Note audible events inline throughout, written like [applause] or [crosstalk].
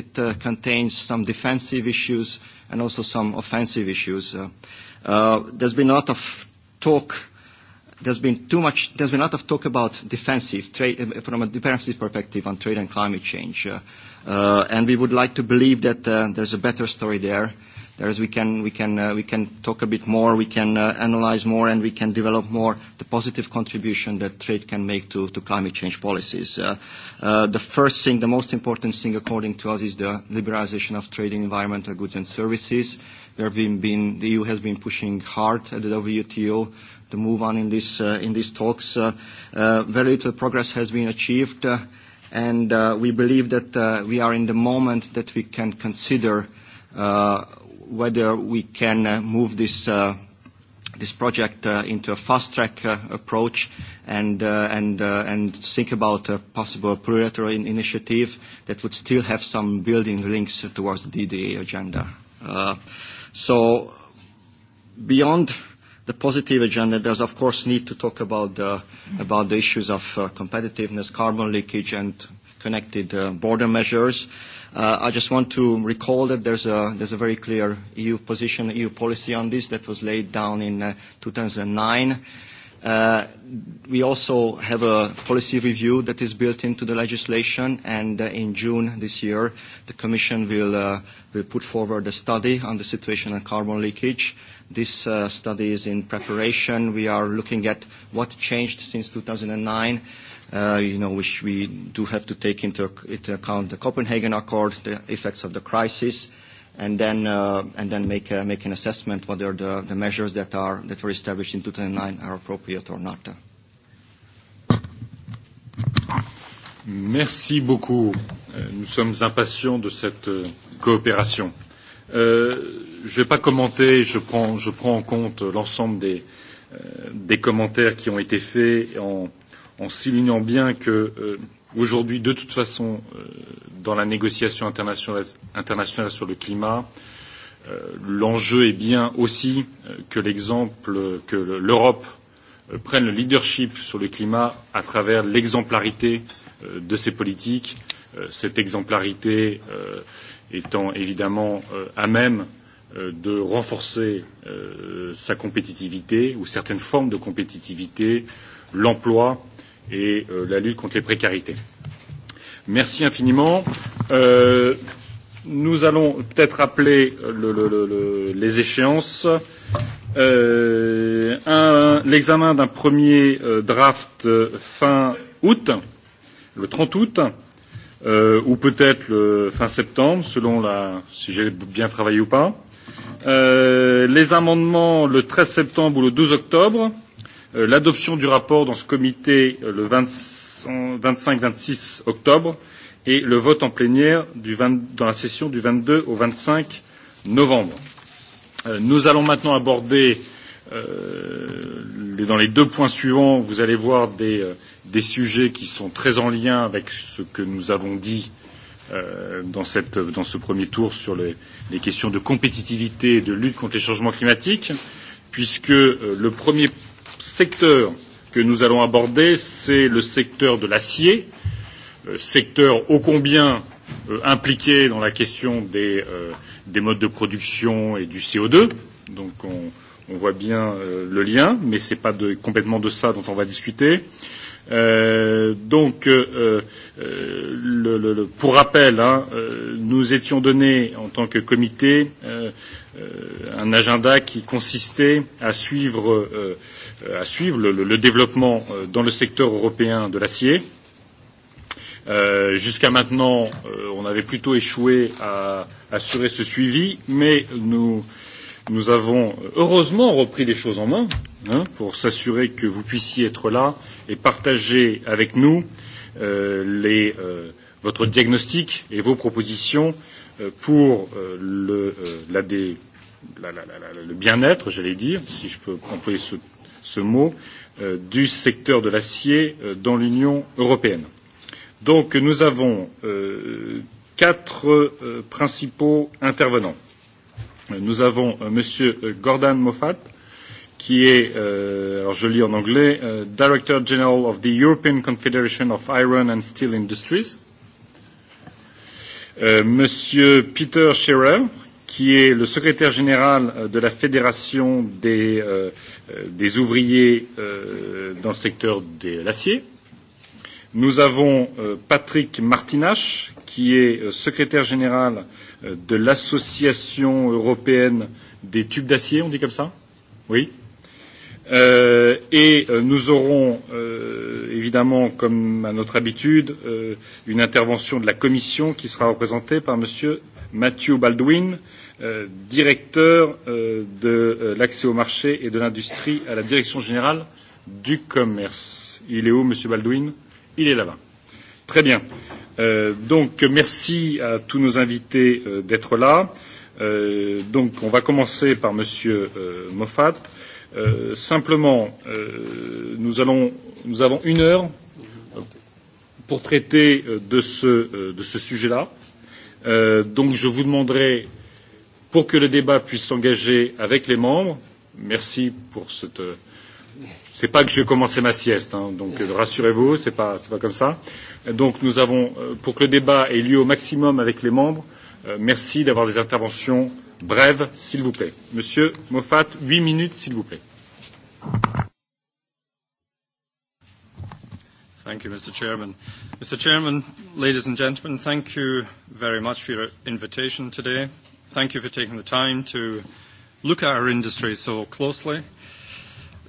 It uh, contains some defensive issues and also some offensive issues. Uh, uh, there's been a lot of talk there's been too much, there's been a lot of talk about defensive trade, uh, from a defensive perspective on trade and climate change. Uh, uh, and we would like to believe that uh, there's a better story there. Whereas we can, we can, uh, we can talk a bit more, we can uh, analyze more, and we can develop more the positive contribution that trade can make to, to climate change policies. Uh, uh, the first thing, the most important thing according to us is the liberalization of trade in environmental goods and services. There have been, been, the EU has been pushing hard at the WTO to move on in, this, uh, in these talks. Uh, uh, very little progress has been achieved, uh, and uh, we believe that uh, we are in the moment that we can consider uh, whether we can uh, move this uh, this project uh, into a fast-track approach and, and, and think about a possible plurilateral initiative that would still have some building links towards the DDA agenda. Uh, so beyond the positive agenda, there's of course need to talk about the, about the issues of uh, competitiveness, carbon leakage, and connected uh, border measures. Uh, I just want to recall that there's a, there's a very clear EU position, EU policy on this that was laid down in uh, 2009. Uh, we also have a policy review that is built into the legislation, and uh, in June this year, the Commission will, uh, will put forward a study on the situation on carbon leakage. This uh, study is in preparation. We are looking at what changed since 2009 Uh, you know, which we do have to take into, account the Copenhagen Accord, the effects of the crisis, and then, uh, and then make, uh, make an assessment whether the, the measures that, are, that were established in 2009 are appropriate or not. Merci beaucoup. Euh, nous sommes impatients de cette euh, coopération. Euh, je ne vais pas commenter, je prends, je prends en compte l'ensemble des, des commentaires qui ont été faits en, en soulignant bien que euh, aujourd'hui, de toute façon, euh, dans la négociation internationale, internationale sur le climat, euh, l'enjeu est bien aussi euh, que l'exemple que l'Europe euh, prenne le leadership sur le climat à travers l'exemplarité euh, de ses politiques, euh, cette exemplarité euh, étant évidemment euh, à même euh, de renforcer euh, sa compétitivité ou certaines formes de compétitivité, l'emploi, et euh, la lutte contre les précarités. Merci infiniment. Euh, nous allons peut-être rappeler le, le, le, le, les échéances. Euh, L'examen d'un premier euh, draft fin août, le 30 août, euh, ou peut-être le fin septembre, selon la, si j'ai bien travaillé ou pas. Euh, les amendements le 13 septembre ou le 12 octobre. Euh, Euh, l'adoption du rapport dans ce comité euh, le 25-26 octobre et le vote en plénière du 20, dans la session du 22 au 25 novembre. Euh, nous allons maintenant aborder euh, dans les deux points suivants, vous allez voir des, des sujets qui sont très en lien avec ce que nous avons dit euh, dans, cette, dans ce premier tour sur les, les questions de compétitivité et de lutte contre les changements climatiques, puisque euh, le premier secteur que nous allons aborder, c'est le secteur de l'acier, euh, secteur ô combien euh, impliqué dans la question des, euh, des modes de production et du CO2. Donc on, on voit bien euh, le lien, mais ce n'est pas de, complètement de ça dont on va discuter. Euh, Euh, donc, euh, euh, le, le, le, pour rappel, hein, euh, nous étions donnés en tant que comité euh, euh, un agenda qui consistait à suivre, euh, à suivre le, le, le développement euh, dans le secteur européen de l'acier. Euh, Jusqu'à maintenant, euh, on avait plutôt échoué à assurer ce suivi, mais nous euh, Nous avons heureusement repris les choses en main hein, pour s'assurer que vous puissiez être là et partager avec nous euh, les, euh, votre diagnostic et vos propositions euh, pour euh, le, euh, la dé, la, la, la, la, le bien-être, j'allais dire, si je peux employer ce, ce mot, euh, du secteur de l'acier euh, dans l'Union européenne. Donc nous avons euh, quatre euh, principaux intervenants. Nous avons euh, Monsieur euh, Gordon Moffat, qui est, euh, alors je lis en anglais, euh, Director General of the European Confederation of Iron and Steel Industries. Euh, Monsieur Peter Scherer, qui est le secrétaire général euh, de la Fédération des, euh, euh, des ouvriers euh, dans le secteur de l'acier. Nous avons euh, Patrick Martinache, qui est euh, secrétaire général euh, de l'Association européenne des tubes d'acier, on dit comme ça Oui. Euh, et euh, nous aurons euh, évidemment, comme à notre habitude, euh, une intervention de la Commission qui sera représentée par Monsieur Mathieu Baldwin, euh, directeur euh, de euh, l'accès au marché et de l'industrie à la Direction générale du commerce. Il est où, Monsieur Baldwin euh, Il est là-bas. Très bien. Euh, donc, merci à tous nos invités euh, d'être là. Euh, donc, on va commencer par Monsieur euh, Moffat. Euh, simplement, euh, nous, allons, nous avons une heure pour traiter euh, de ce, euh, de ce sujet-là. Euh, donc, je vous demanderai, pour que le débat puisse s'engager avec les membres, merci pour cette euh, C'est pas que j'ai commencé ma sieste, hein, donc euh, rassurez-vous, c'est pas, c'est pas comme ça. Donc nous avons, euh, pour que le débat ait lieu au maximum avec les membres, euh, merci d'avoir des interventions brèves, s'il vous plaît. Monsieur Moffat, huit minutes, s'il vous plaît. Thank you, Mr. Chairman. Mr. Chairman, ladies and gentlemen, thank you very much for your invitation today. Thank you for taking the time to look at our industry so closely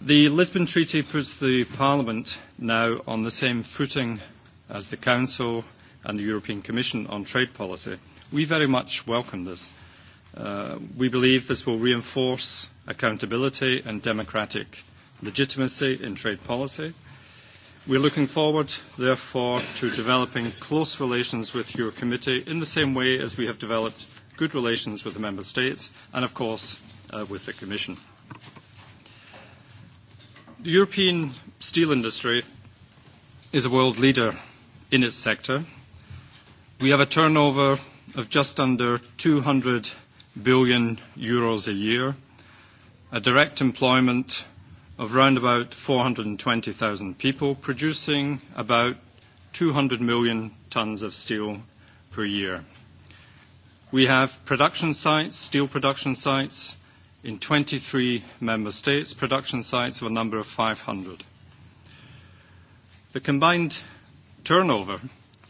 The Lisbon Treaty puts the Parliament now on the same footing as the Council and the European Commission on trade policy. We very much welcome this. Uh, we believe this will reinforce accountability and democratic legitimacy in trade policy. We're looking forward, therefore, to developing close relations with your committee in the same way as we have developed good relations with the member states and, of course, uh, with the Commission. The European steel industry is a world leader in its sector. We have a turnover of just under 200 billion euros a year, a direct employment of round about 420,000 people, producing about 200 million tons of steel per year. We have production sites, steel production sites, in 23 member states, production sites of a number of 500. The combined turnover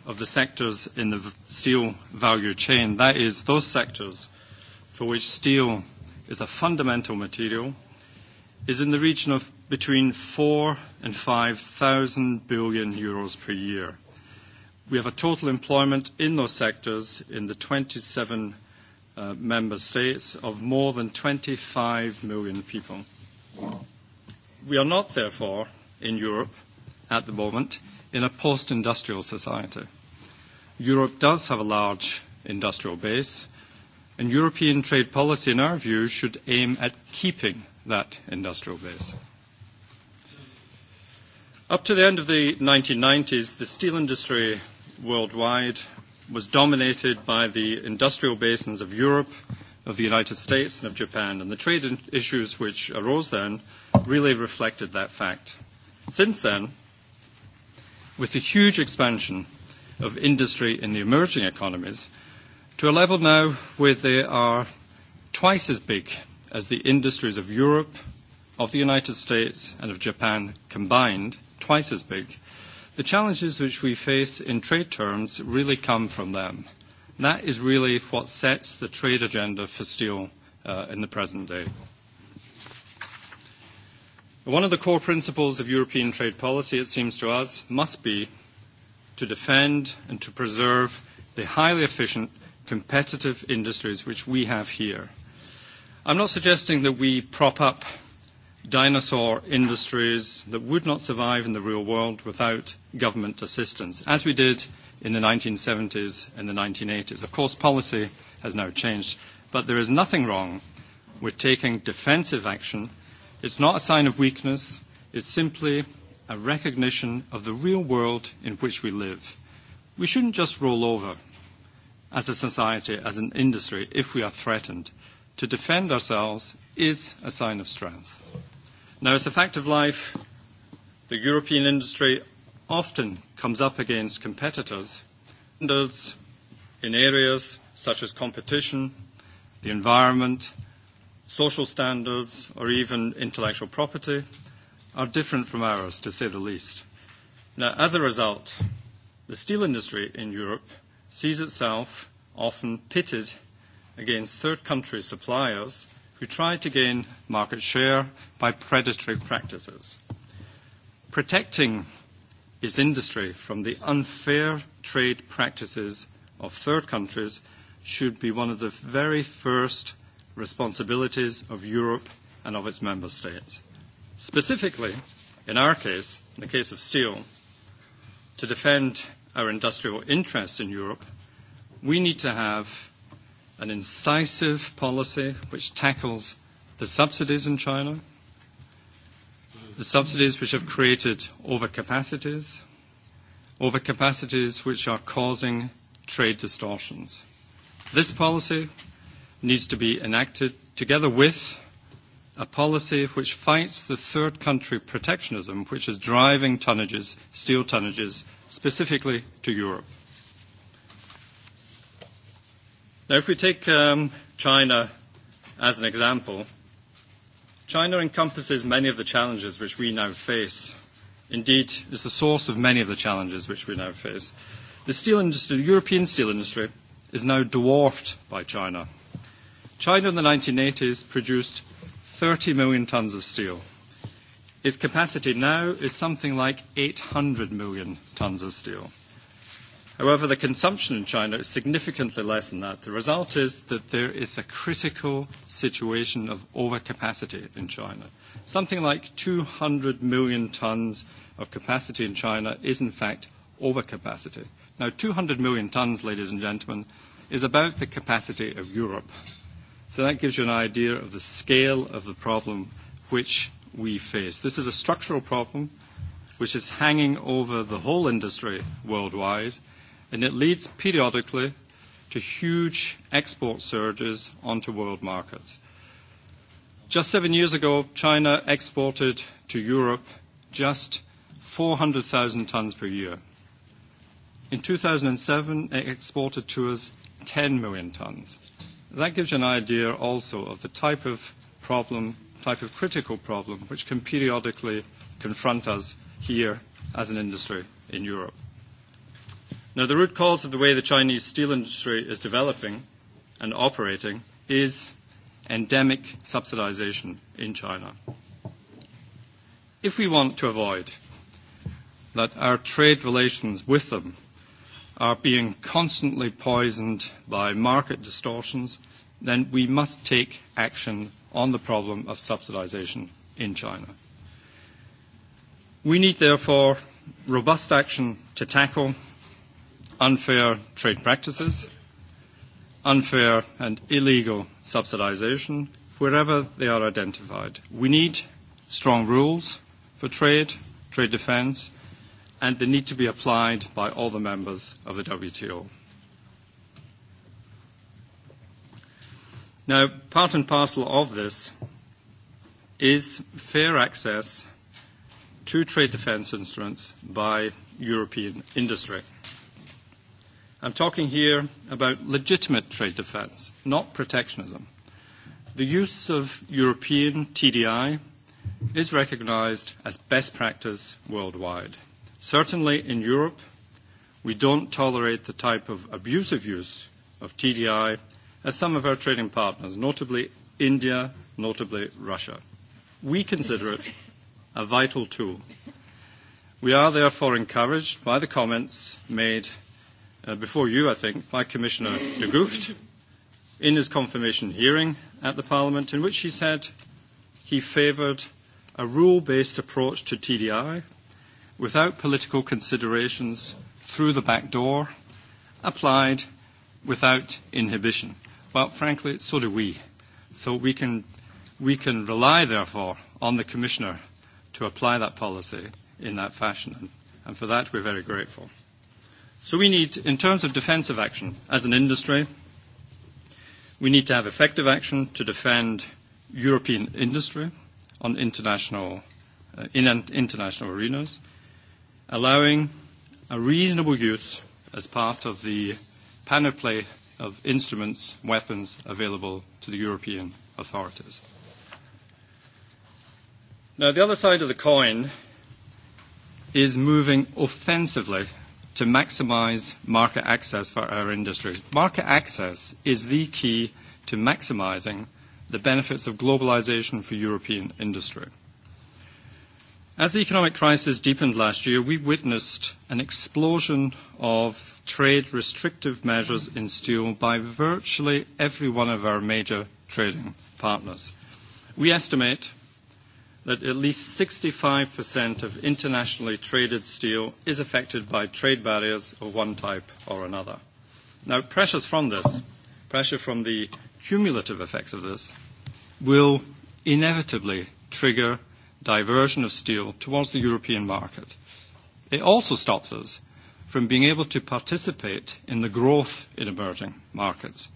of the sectors in the steel value chain, that is, those sectors for which steel is a fundamental material, is in the region of between 4 and 5,000 billion euros per year. We have a total employment in those sectors in the 27 Uh, member states of more than 25 million people. We are not, therefore, in Europe at the moment, in a post-industrial society. Europe does have a large industrial base, and European trade policy, in our view, should aim at keeping that industrial base. Up to the end of the 1990s, the steel industry worldwide was dominated by the industrial basins of Europe, of the United States, and of Japan, and the trade issues which arose then really reflected that fact. Since then, with the huge expansion of industry in the emerging economies to a level now where they are twice as big as the industries of Europe, of the United States, and of Japan combined, twice as big, The challenges which we face in trade terms really come from them. that is really what sets the trade agenda for steel uh, in the present day. One of the core principles of European trade policy, it seems to us, must be to defend and to preserve the highly efficient, competitive industries which we have here. I'm not suggesting that we prop up dinosaur industries that would not survive in the real world without government assistance, as we did in the 1970s and the 1980s. Of course, policy has now changed, but there is nothing wrong with taking defensive action. It's not a sign of weakness, it's simply a recognition of the real world in which we live. We shouldn't just roll over as a society, as an industry, if we are threatened. To defend ourselves is a sign of strength. Now, as a fact of life, the European industry often comes up against competitors in areas such as competition, the environment, social standards, or even intellectual property are different from ours, to say the least. Now, as a result, the steel industry in Europe sees itself often pitted against third country suppliers who try to gain market share by predatory practices. Protecting its industry from the unfair trade practices of third countries should be one of the very first responsibilities of Europe and of its member states. Specifically, in our case, in the case of steel, to defend our industrial interests in Europe, we need to have an incisive policy which tackles the subsidies in China, the subsidies which have created overcapacities, overcapacities which are causing trade distortions. This policy needs to be enacted together with a policy which fights the third country protectionism which is driving tonnages, steel tonnages, specifically to Europe. Now, if we take um, China as an example, China encompasses many of the challenges which we now face. Indeed, it's the source of many of the challenges which we now face. The steel industry, the European steel industry, is now dwarfed by China. China in the 1980s produced 30 million tons of steel. Its capacity now is something like 800 million tons of steel. However, the consumption in China is significantly less than that. The result is that there is a critical situation of overcapacity in China. Something like 200 million tons of capacity in China is, in fact, overcapacity. Now, 200 million tons, ladies and gentlemen, is about the capacity of Europe. So that gives you an idea of the scale of the problem which we face. This is a structural problem which is hanging over the whole industry worldwide – and it leads periodically to huge export surges onto world markets. Just seven years ago, China exported to Europe just 400,000 tonnes per year. In 2007, it exported to us 10 million tonnes. That gives you an idea also of the type of problem, type of critical problem, which can periodically confront us here as an industry in Europe. Now, the root cause of the way the Chinese steel industry is developing and operating is endemic subsidization in China. If we want to avoid that our trade relations with them are being constantly poisoned by market distortions, then we must take action on the problem of subsidization in China. We need, therefore, robust action to tackle unfair trade practices, unfair and illegal subsidization wherever they are identified. We need strong rules for trade, trade defense, and they need to be applied by all the members of the WTO. Now, part and parcel of this is fair access to trade defense instruments by European industry. I'm talking here about legitimate trade defence, not protectionism. The use of European TDI is recognised as best practice worldwide. Certainly in Europe, we don't tolerate the type of abusive use of TDI as some of our trading partners, notably India, notably Russia. We consider it a vital tool. We are therefore encouraged by the comments made Uh, before you, I think, by Commissioner de Gucht in his confirmation hearing at the Parliament, in which he said he favoured a rule based approach to TDI without political considerations through the back door, applied without inhibition. Well, frankly, so do we. So we can, we can rely, therefore, on the Commissioner to apply that policy in that fashion. And, and for that, we're very grateful. So we need, in terms of defensive action, as an industry, we need to have effective action to defend European industry on international, uh, in international arenas, allowing a reasonable use as part of the panoply of instruments, weapons available to the European authorities. Now, the other side of the coin is moving offensively to maximize market access for our industries. Market access is the key to maximizing the benefits of globalization for European industry. As the economic crisis deepened last year, we witnessed an explosion of trade restrictive measures in steel by virtually every one of our major trading partners. We estimate that at least 65% of internationally traded steel is affected by trade barriers of one type or another. Now, pressures from this, pressure from the cumulative effects of this, will inevitably trigger diversion of steel towards the European market. It also stops us from being able to participate in the growth in emerging markets.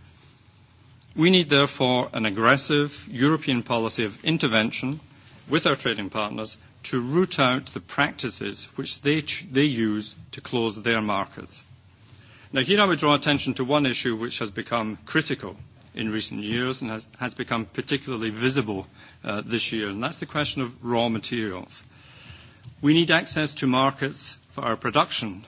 We need, therefore, an aggressive European policy of intervention – with our trading partners to root out the practices which they, they use to close their markets. Now, here I would draw attention to one issue which has become critical in recent years and has, has become particularly visible uh, this year, and that's the question of raw materials. We need access to markets for our production,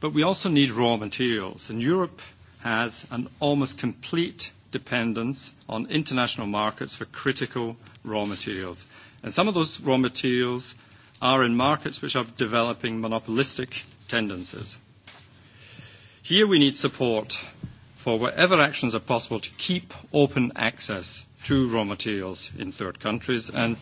but we also need raw materials, and Europe has an almost complete dependence on international markets for critical raw materials. And some of those raw materials are in markets which are developing monopolistic tendencies. Here we need support for whatever actions are possible to keep open access to raw materials in third countries, and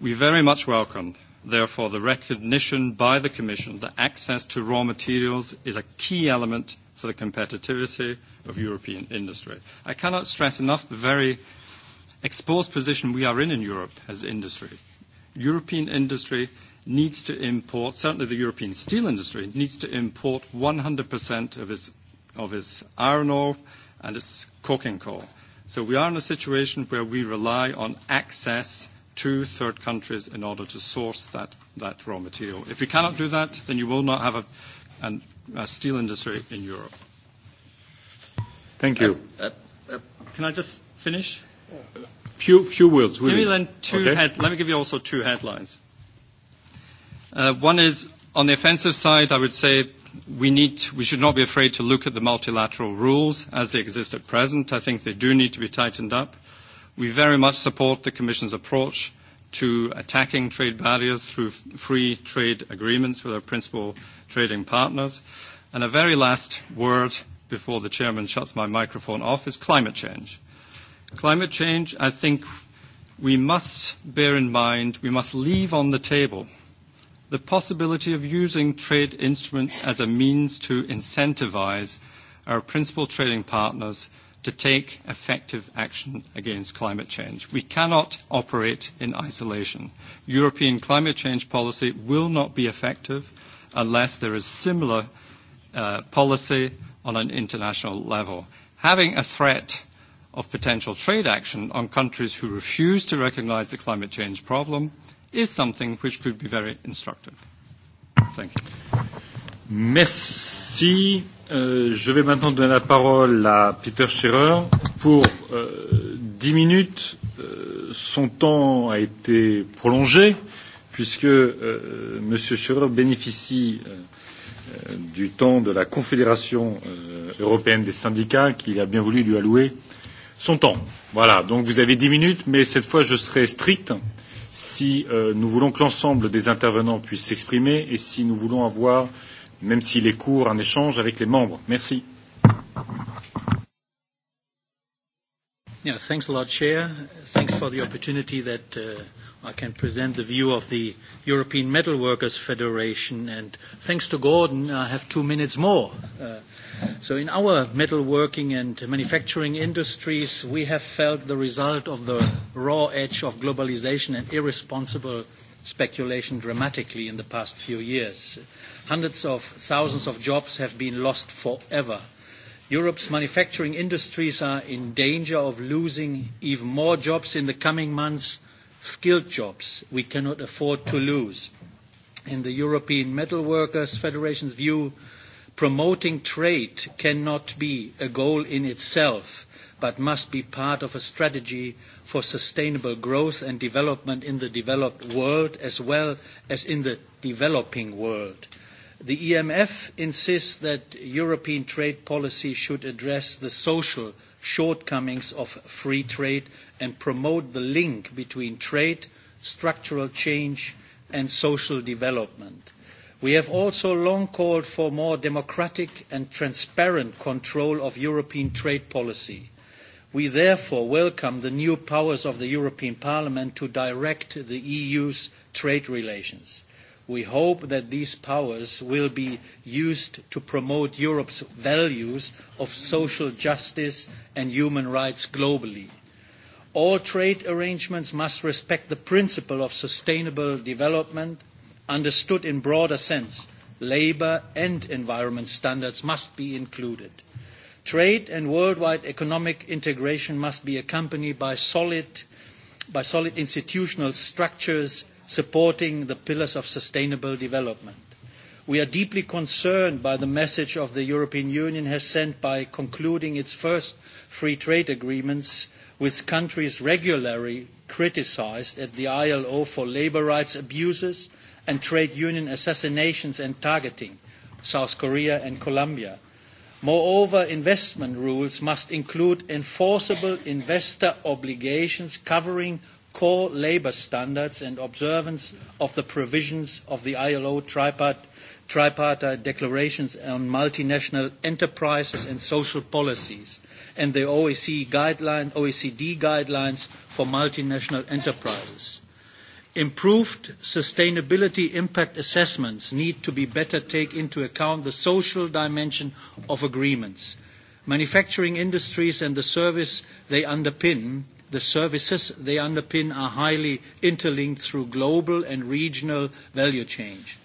we very much welcome, therefore, the recognition by the Commission that access to raw materials is a key element for the competitivity of European industry. I cannot stress enough the very exposed position we are in in Europe as industry. European industry needs to import, certainly the European steel industry, needs to import 100% of its, of its iron ore and its coking coal. So we are in a situation where we rely on access to third countries in order to source that, that raw material. If we cannot do that, then you will not have a, an, a steel industry in Europe. Thank you. Uh, uh, uh, can I just finish? Few, few words. Really. Give me then two okay. head, let me give you also two headlines. Uh, one is on the offensive side, I would say we need, we should not be afraid to look at the multilateral rules as they exist at present. I think they do need to be tightened up. We very much support the Commission's approach to attacking trade barriers through free trade agreements with our principal trading partners. And a very last word before the chairman shuts my microphone off is climate change. Climate change, I think we must bear in mind, we must leave on the table the possibility of using trade instruments as a means to incentivize our principal trading partners to take effective action against climate change. We cannot operate in isolation. European climate change policy will not be effective unless there is similar uh, policy on an international level. Having a threat of potential trade action on countries who refuse to recognise the climate change problem is something which could be very instructive. Thank you. Merci. Euh, je vais maintenant donner la parole à Peter Scherer. Pour 10 euh, minutes, euh, son temps a été prolongé puisque euh, Scherer bénéficie du temps de la Confédération européenne des syndicats qu'il a bien voulu lui allouer son temps. Voilà, donc vous avez dix minutes, mais cette fois je serai strict si euh, nous voulons que l'ensemble des intervenants puissent s'exprimer et si nous voulons avoir, même s'il est court, un échange avec les membres. Merci. Yeah, thanks a lot, Chair. Thanks for the opportunity that uh, I can present the view of the European Metal Workers Federation. And thanks to Gordon, I have two minutes more. Uh, so, in our metalworking and manufacturing industries, we have felt the result of the raw edge of globalization and irresponsible speculation dramatically in the past few years. Hundreds of thousands of jobs have been lost forever. Europe's manufacturing industries are in danger of losing even more jobs in the coming months skilled jobs we cannot afford to lose. In the European Metal Workers Federation's view, promoting trade cannot be a goal in itself, but must be part of a strategy for sustainable growth and development in the developed world as well as in the developing world. The EMF insists that European trade policy should address the social shortcomings of free trade and promote the link between trade, structural change, and social development. We have also long called for more democratic and transparent control of European trade policy. We therefore welcome the new powers of the European Parliament to direct the EU's trade relations. We hope that these powers will be used to promote Europe's values of social justice and human rights globally. All trade arrangements must respect the principle of sustainable development, understood in broader sense. Labour and environment standards must be included. Trade and worldwide economic integration must be accompanied by solid, by solid institutional structures supporting the pillars of sustainable development. We are deeply concerned by the message of the European Union has sent by concluding its first free trade agreements with countries regularly criticised at the ILO for labour rights abuses and trade union assassinations and targeting, South Korea and Colombia. Moreover, investment rules must include enforceable investor obligations covering core labour standards and observance of the provisions of the ILO tripartite tripartite declarations on multinational enterprises and social policies and the OECD, guideline, OECD guidelines for multinational enterprises. Improved sustainability impact assessments need to be better take into account the social dimension of agreements. Manufacturing industries and the service they underpin, the services they underpin are highly interlinked through global and regional value change.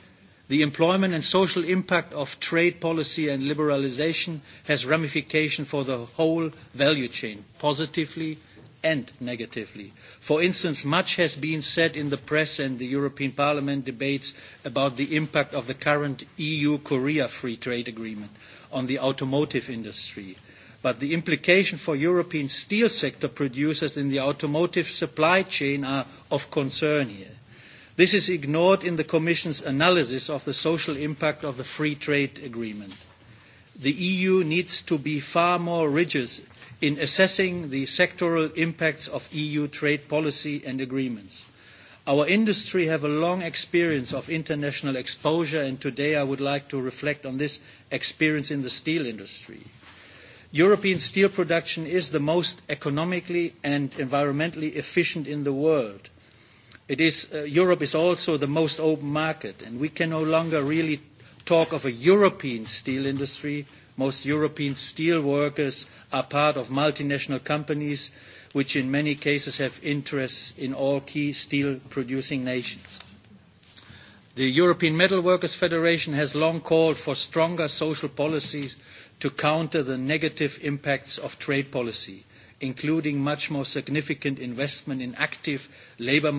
The employment and social impact of trade policy and liberalisation has ramification for the whole value chain, positively and negatively. For instance, much has been said in the press and the European Parliament debates about the impact of the current EU-Korea Free Trade Agreement on the automotive industry. But the implication for European steel sector producers in the automotive supply chain are of concern here This is ignored in the Commission's analysis of the social impact of the free trade agreement. The EU needs to be far more rigorous in assessing the sectoral impacts of EU trade policy and agreements. Our industry have a long experience of international exposure, and today I would like to reflect on this experience in the steel industry. European steel production is the most economically and environmentally efficient in the world It is, uh, Europe is also the most open market, and we can no longer really talk of a European steel industry. Most European steel workers are part of multinational companies, which in many cases have interests in all key steel-producing nations. The European Metal Workers Federation has long called for stronger social policies to counter the negative impacts of trade policy including much more significant investment in active labour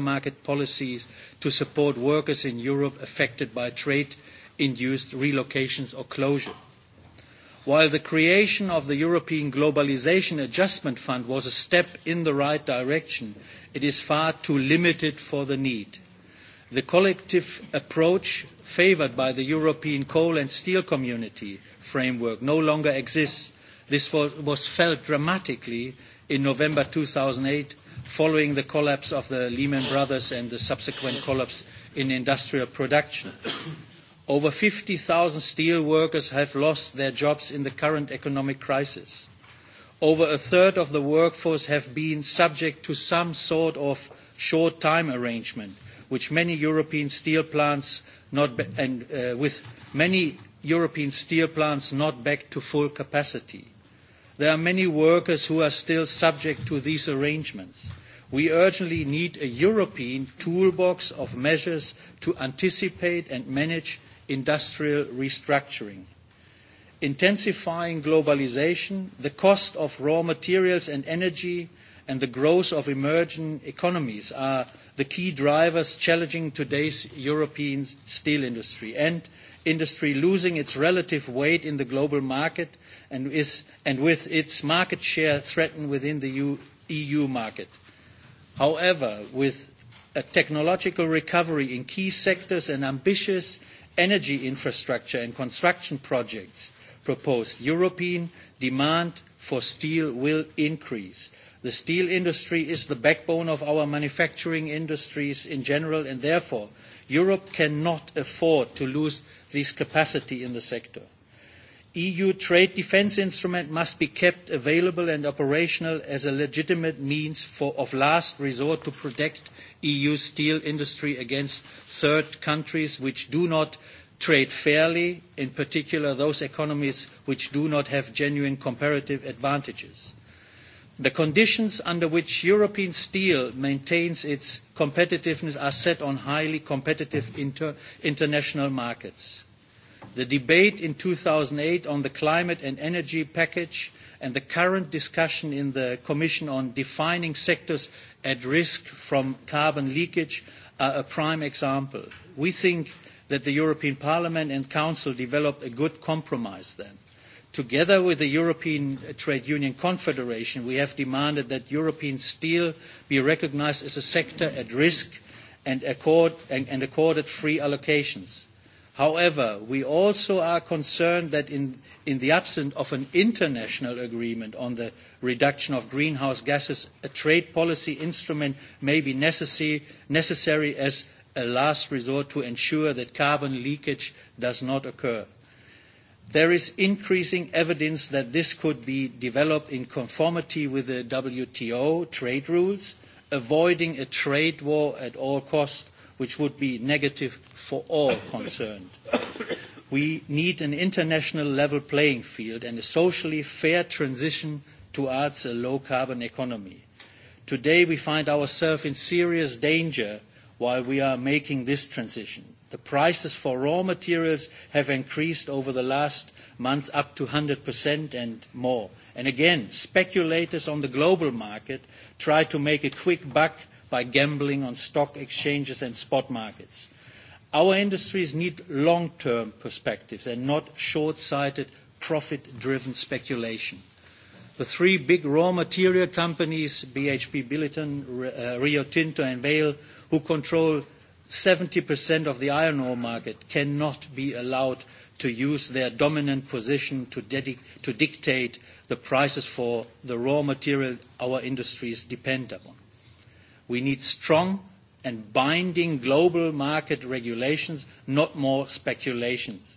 market policies to support workers in Europe affected by trade-induced relocations or closure. While the creation of the European Globalisation Adjustment Fund was a step in the right direction, it is far too limited for the need. The collective approach favoured by the European coal and steel community framework no longer exists This was, felt dramatically in November 2008 following the collapse of the Lehman Brothers and the subsequent collapse in industrial production. Over 50,000 steel workers have lost their jobs in the current economic crisis. Over a third of the workforce have been subject to some sort of short time arrangement, which many European steel plants not and uh, with many European steel plants not back to full capacity there are many workers who are still subject to these arrangements. We urgently need a European toolbox of measures to anticipate and manage industrial restructuring. Intensifying globalisation, the cost of raw materials and energy, and the growth of emerging economies are the key drivers challenging today's European steel industry. And industry losing its relative weight in the global market and, is, and with its market share threatened within the EU, EU market. However, with a technological recovery in key sectors and ambitious energy infrastructure and construction projects proposed, European demand for steel will increase. The steel industry is the backbone of our manufacturing industries in general, and therefore Europe cannot afford to lose this capacity in the sector. EU trade defence instrument must be kept available and operational as a legitimate means for, of last resort to protect EU steel industry against third countries which do not trade fairly, in particular those economies which do not have genuine comparative advantages. The conditions under which European steel maintains its competitiveness are set on highly competitive international markets. The debate in 2008 on the climate and energy package and the current discussion in the Commission on defining sectors at risk from carbon leakage are a prime example. We think that the European Parliament and Council developed a good compromise then. Together with the European Trade Union Confederation, we have demanded that European steel be recognized as a sector at risk and, accord, and, and accorded free allocations. However, we also are concerned that in, in the absence of an international agreement on the reduction of greenhouse gases, a trade policy instrument may be necessary, necessary as a last resort to ensure that carbon leakage does not occur. There is increasing evidence that this could be developed in conformity with the WTO trade rules, avoiding a trade war at all costs, which would be negative for all concerned. We need an international level playing field and a socially fair transition towards a low carbon economy. Today, we find ourselves in serious danger while we are making this transition. The prices for raw materials have increased over the last month up to 100% and more. And again, speculators on the global market try to make a quick buck by gambling on stock exchanges and spot markets. Our industries need long-term perspectives and not short-sighted, profit-driven speculation. The three big raw material companies, BHP Billiton, uh, Rio Tinto, and Vale, who control 70% of the iron ore market cannot be allowed to use their dominant position to, to dictate the prices for the raw material our industries depend upon. We need strong and binding global market regulations, not more speculations.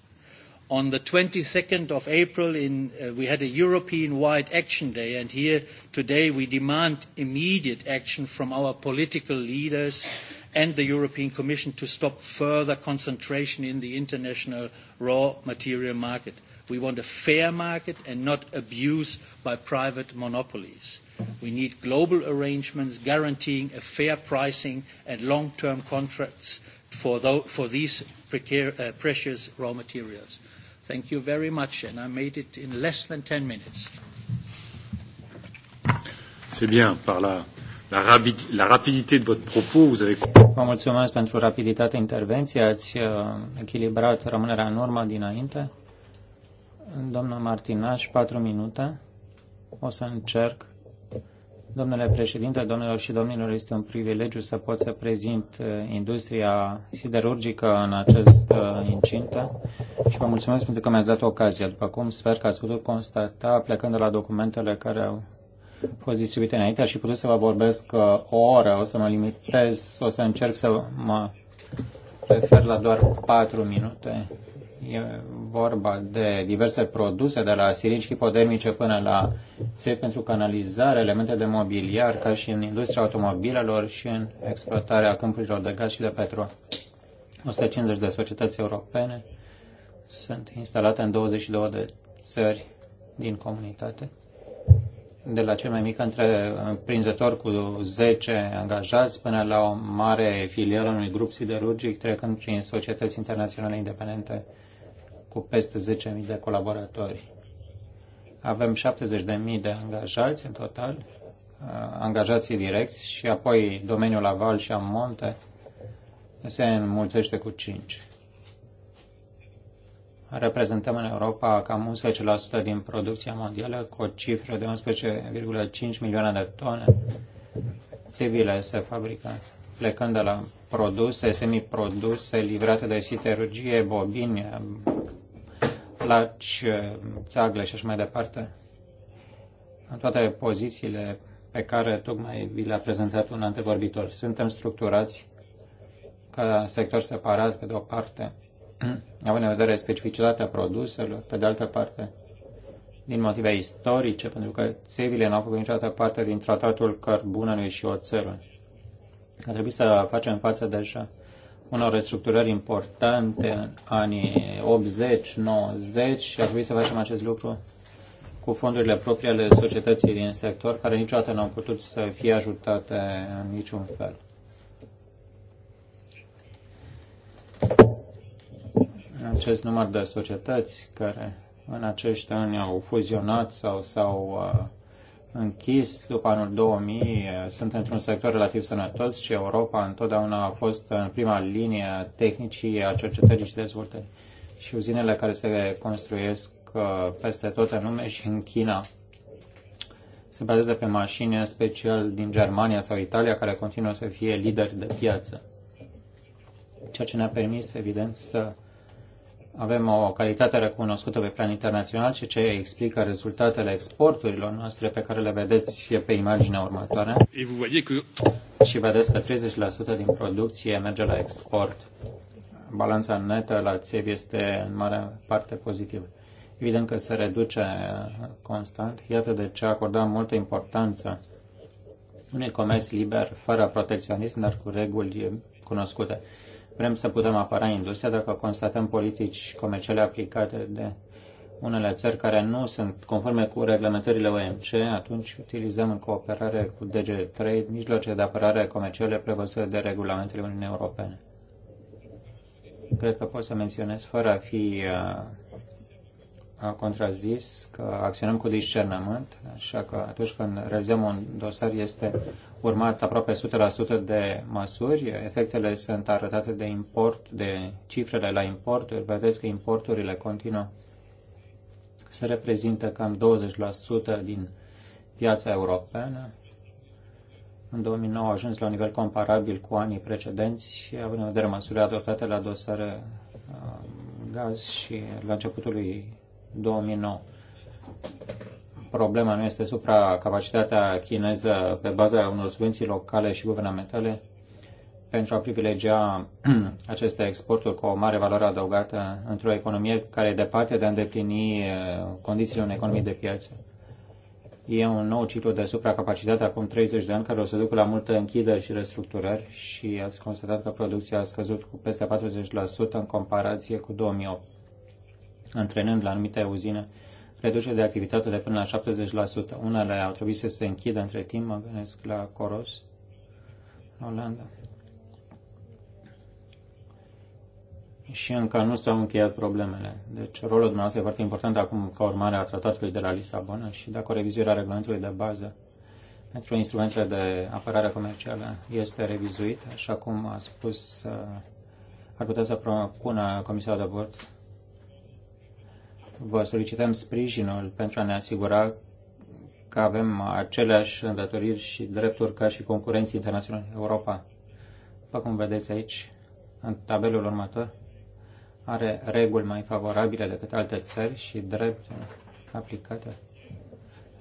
On the 22nd of April, in, uh, we had a European-wide action day, and here today we demand immediate action from our political leaders and the European Commission to stop further concentration in the international raw material market. We want a fair market and not abuse by private monopolies. We need global arrangements guaranteeing a fair pricing and long-term contracts for, th for these uh, precious raw materials. Thank you very much, and I made it in less than 10 minutes. C'est bien, par la la, rapid, la rapidité de votre propos. Vous avez... Vă mulțumesc pentru rapiditatea intervenției. Ați uh, echilibrat rămânerea în urmă dinainte. Domnul Martinaș, patru minute. O să încerc. Domnule președinte, domnilor și domnilor, este un privilegiu să pot să prezint uh, industria siderurgică în acest uh, incintă și vă mulțumesc pentru că mi-ați dat ocazia. După cum sper că ați putut constata, plecând de la documentele care au fost distribuite înainte, aș fi putut să vă vorbesc uh, o oră, o să mă limitez, o să încerc să mă refer la doar 4 minute. E vorba de diverse produse, de la sirici hipodermice până la țevi pentru canalizare, elemente de mobiliar, ca și în industria automobilelor și în exploatarea câmpurilor de gaz și de petrol. 150 de societăți europene sunt instalate în 22 de țări din comunitate de la cel mai mic întreprinzător uh, cu 10 angajați până la o mare filială unui grup siderurgic, trecând prin societăți internaționale independente cu peste 10.000 de colaboratori. Avem 70.000 de angajați în total, uh, angajații direcți și apoi domeniul aval și amonte se înmulțește cu 5 reprezentăm în Europa cam 11% din producția mondială, cu o cifră de 11,5 milioane de tone civile se fabrică, plecând de la produse, semiproduse livrate de siterurgie, bobini, placi, țeaglă și așa mai departe. În toate pozițiile pe care tocmai vi le-a prezentat un antevorbitor. Suntem structurați ca sector separat, pe de o parte, Mm. având în vedere specificitatea produselor, pe de altă parte, din motive istorice, pentru că țevile n-au făcut niciodată parte din tratatul cărbunelui și oțelului. A trebuit să facem față deja unor restructurări importante în anii 80-90 și a trebuit să facem acest lucru cu fondurile proprii ale societății din sector, care niciodată nu au putut să fie ajutate în niciun fel. acest număr de societăți care în acești ani au fuzionat sau s-au uh, închis după anul 2000, sunt într-un sector relativ sănătos și Europa întotdeauna a fost în prima linie a tehnicii, a cercetării și dezvoltării. Și uzinele care se construiesc uh, peste tot în lume și în China se bazează pe mașini, special din Germania sau Italia, care continuă să fie lideri de piață. Ceea ce ne-a permis, evident, să avem o calitate recunoscută pe plan internațional ceea ce explică rezultatele exporturilor noastre pe care le vedeți pe imaginea următoare. Și vedeți că 30% din producție merge la export. Balanța netă la țevi este în mare parte pozitivă. Evident că se reduce constant. Iată de ce acordăm multă importanță unui comerț liber, fără protecționism, dar cu reguli cunoscute. Vrem să putem apăra industria dacă constatăm politici comerciale aplicate de unele țări care nu sunt conforme cu reglementările OMC, atunci utilizăm în cooperare cu DG Trade mijloace de apărare comerciale prevăzute de regulamentele Uniunii Europene. Cred că pot să menționez, fără a fi uh, a contrazis că acționăm cu discernământ, așa că atunci când realizăm un dosar este urmat aproape 100% de măsuri, efectele sunt arătate de import, de cifrele la importuri, vedeți că importurile continuă să reprezintă cam 20% din piața europeană. În 2009 a ajuns la un nivel comparabil cu anii precedenți, având în vedere măsurile adoptate la dosare uh, gaz și la începutul lui 2009. Problema nu este supracapacitatea chineză pe baza unor subvenții locale și guvernamentale pentru a privilegia [clears throat] aceste exporturi cu o mare valoare adăugată într-o economie care e departe de a îndeplini uh, condițiile unei economii de piață. E un nou ciclu de supracapacitate acum 30 de ani care o să ducă la multe închideri și restructurări și ați constatat că producția a scăzut cu peste 40% în comparație cu 2008 antrenând la anumite uzine, reducere de activitate de până la 70%. Unele au trebuit să se închidă între timp, mă gândesc la Coros, în Olanda. Și încă nu s-au încheiat problemele. Deci rolul dumneavoastră e foarte important acum ca urmare a tratatului de la Lisabona și dacă o revizuire a regulamentului de bază pentru instrumentele de apărare comercială este revizuit, așa cum a spus, uh, ar putea să propună Comisia de Bord vă solicităm sprijinul pentru a ne asigura că avem aceleași îndatoriri și drepturi ca și concurenții internaționali în Europa. După cum vedeți aici, în tabelul următor, are reguli mai favorabile decât alte țări și drepturi aplicate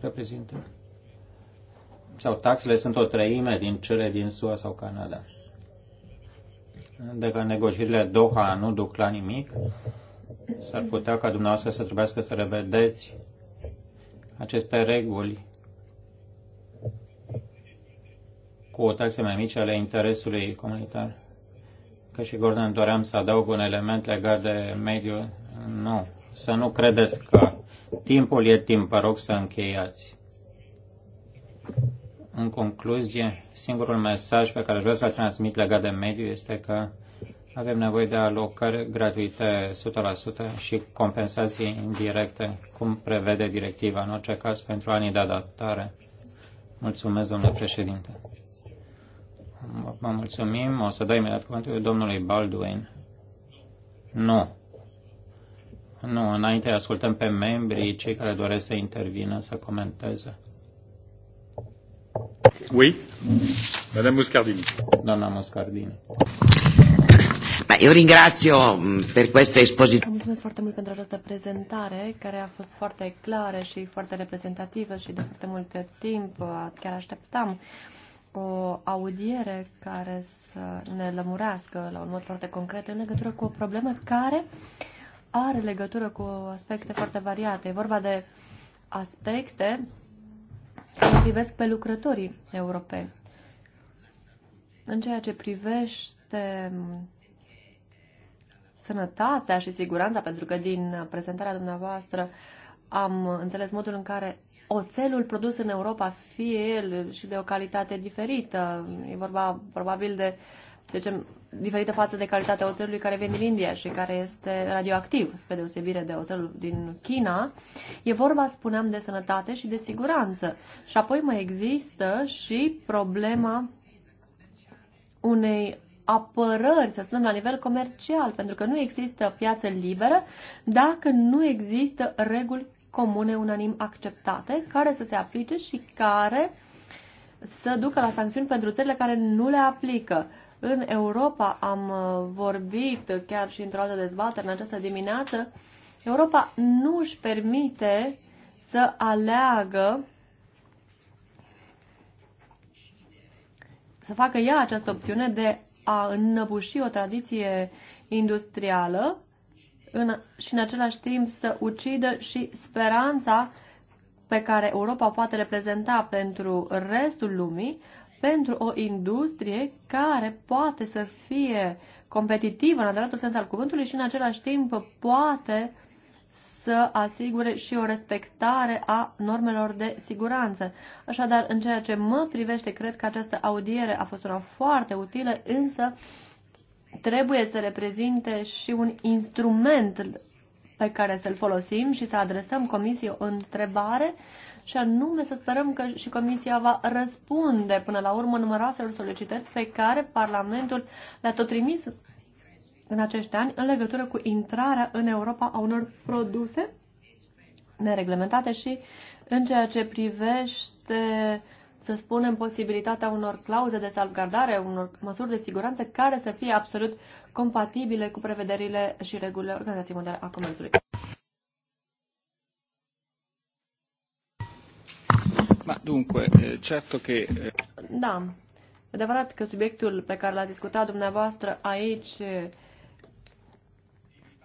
reprezintă sau taxele sunt o treime din cele din SUA sau Canada. Dacă negocierile Doha nu duc la nimic, S-ar putea ca dumneavoastră să trebuiască să revedeți aceste reguli cu o taxe mai mici ale interesului comunitar. Că și Gordon doream să adaug un element legat de mediu. Nu, să nu credeți că timpul e timp, vă rog să încheiați. În concluzie, singurul mesaj pe care aș vrea să-l transmit legat de mediu este că Avem nevoie de alocări gratuite 100% și compensații indirecte, cum prevede directiva, în orice caz, pentru anii de adaptare. Mulțumesc, domnule președinte. Mă mulțumim. O să dau imediat cuvântul domnului Baldwin. Nu. Nu, înainte ascultăm pe membrii, cei care doresc să intervină, să comenteze. Oui, Madame Muscardini. Doamna Muscardini eu ringrazio mm, per questa esposizione. Mulțumesc foarte mult pentru această prezentare, care a fost foarte clară și foarte reprezentativă și de foarte mult timp. Uh, chiar așteptam o audiere care să ne lămurească la un mod foarte concret în legătură cu o problemă care are legătură cu aspecte foarte variate. E vorba de aspecte care privesc pe lucrătorii europeni. În ceea ce privește sănătatea și siguranța, pentru că din prezentarea dumneavoastră am înțeles modul în care oțelul produs în Europa, fie el și de o calitate diferită, e vorba probabil de, de ce, diferită față de calitatea oțelului care vine din India și care este radioactiv, spre deosebire de oțelul din China, e vorba, spuneam, de sănătate și de siguranță. Și apoi mai există și problema unei apărări, să spunem, la nivel comercial, pentru că nu există piață liberă dacă nu există reguli comune unanim acceptate, care să se aplice și care să ducă la sancțiuni pentru țările care nu le aplică. În Europa am uh, vorbit chiar și într-o altă dezbatere în această dimineață, Europa nu își permite să aleagă să facă ea această opțiune de a înnăbuși o tradiție industrială în, și în același timp să ucidă și speranța pe care Europa poate reprezenta pentru restul lumii, pentru o industrie care poate să fie competitivă în adevăratul sens al cuvântului și în același timp poate uh, să asigure și o respectare a normelor de siguranță. Așadar, în ceea ce mă privește, cred că această audiere a fost una foarte utilă, însă trebuie să reprezinte și un instrument pe care să-l folosim și să adresăm Comisiei o întrebare și anume să sperăm că și Comisia va răspunde până la urmă numeroaselor solicitări pe care Parlamentul le-a tot trimis în acești ani în legătură cu intrarea în Europa a unor produse nereglementate și în ceea ce privește, să spunem, posibilitatea unor clauze de salvgardare, unor măsuri de siguranță care să fie absolut compatibile cu prevederile și regulile Organizației Mondiale a Comerțului. Ma dunque, eh, certo che... Eh, da, e adevărat că subiectul pe care l-ați discutat dumneavoastră aici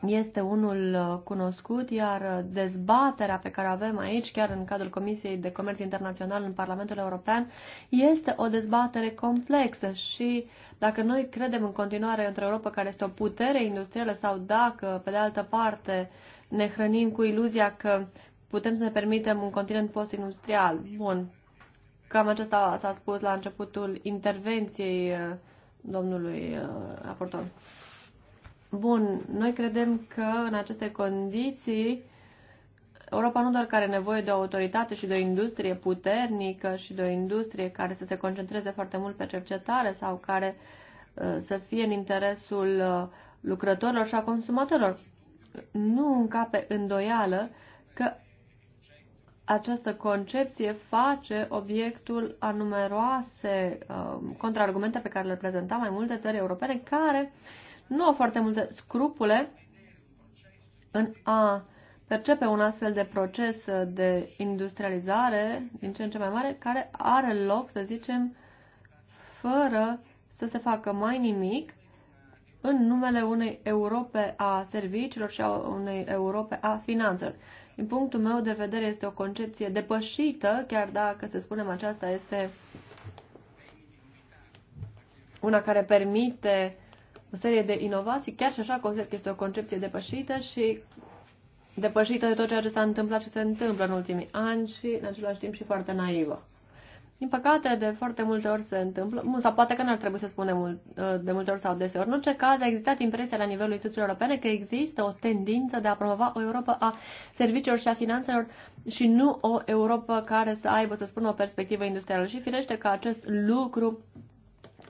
este unul uh, cunoscut, iar uh, dezbaterea pe care o avem aici, chiar în cadrul Comisiei de Comerț Internațional în Parlamentul European, este o dezbatere complexă și dacă noi credem în continuare într-o Europa care este o putere industrială sau dacă, pe de altă parte, ne hrănim cu iluzia că putem să ne permitem un continent post-industrial. Bun, cam acesta s-a spus la începutul intervenției uh, domnului raportor. Bun, noi credem că în aceste condiții Europa nu doar că are nevoie de o autoritate și de o industrie puternică și de o industrie care să se concentreze foarte mult pe cercetare sau care uh, să fie în interesul uh, lucrătorilor și a consumatorilor. Nu încape îndoială că această concepție face obiectul a numeroase uh, contraargumente pe care le prezenta mai multe țări europene care uh, nu au foarte multe scrupule în a percepe un astfel de proces de industrializare din ce în ce mai mare, care are loc, să zicem, fără să se facă mai nimic în numele unei Europe a serviciilor și a unei Europe a finanțelor. Din punctul meu de vedere este o concepție depășită, chiar dacă, să spunem, aceasta este una care permite serie de inovații, chiar și așa consider că este o concepție depășită și depășită de tot ceea ce s-a întâmplat și se întâmplă în ultimii ani și, în același timp, și foarte naivă. Din păcate, de foarte multe ori se întâmplă, sau poate că n-ar trebui să spunem uh, de multe ori sau deseori, în orice caz a existat impresia la nivelul instituțiilor europene că există o tendință de a promova o Europa a serviciilor și a finanțelor și nu o Europa care să aibă, să spun, o perspectivă industrială. Și firește că acest lucru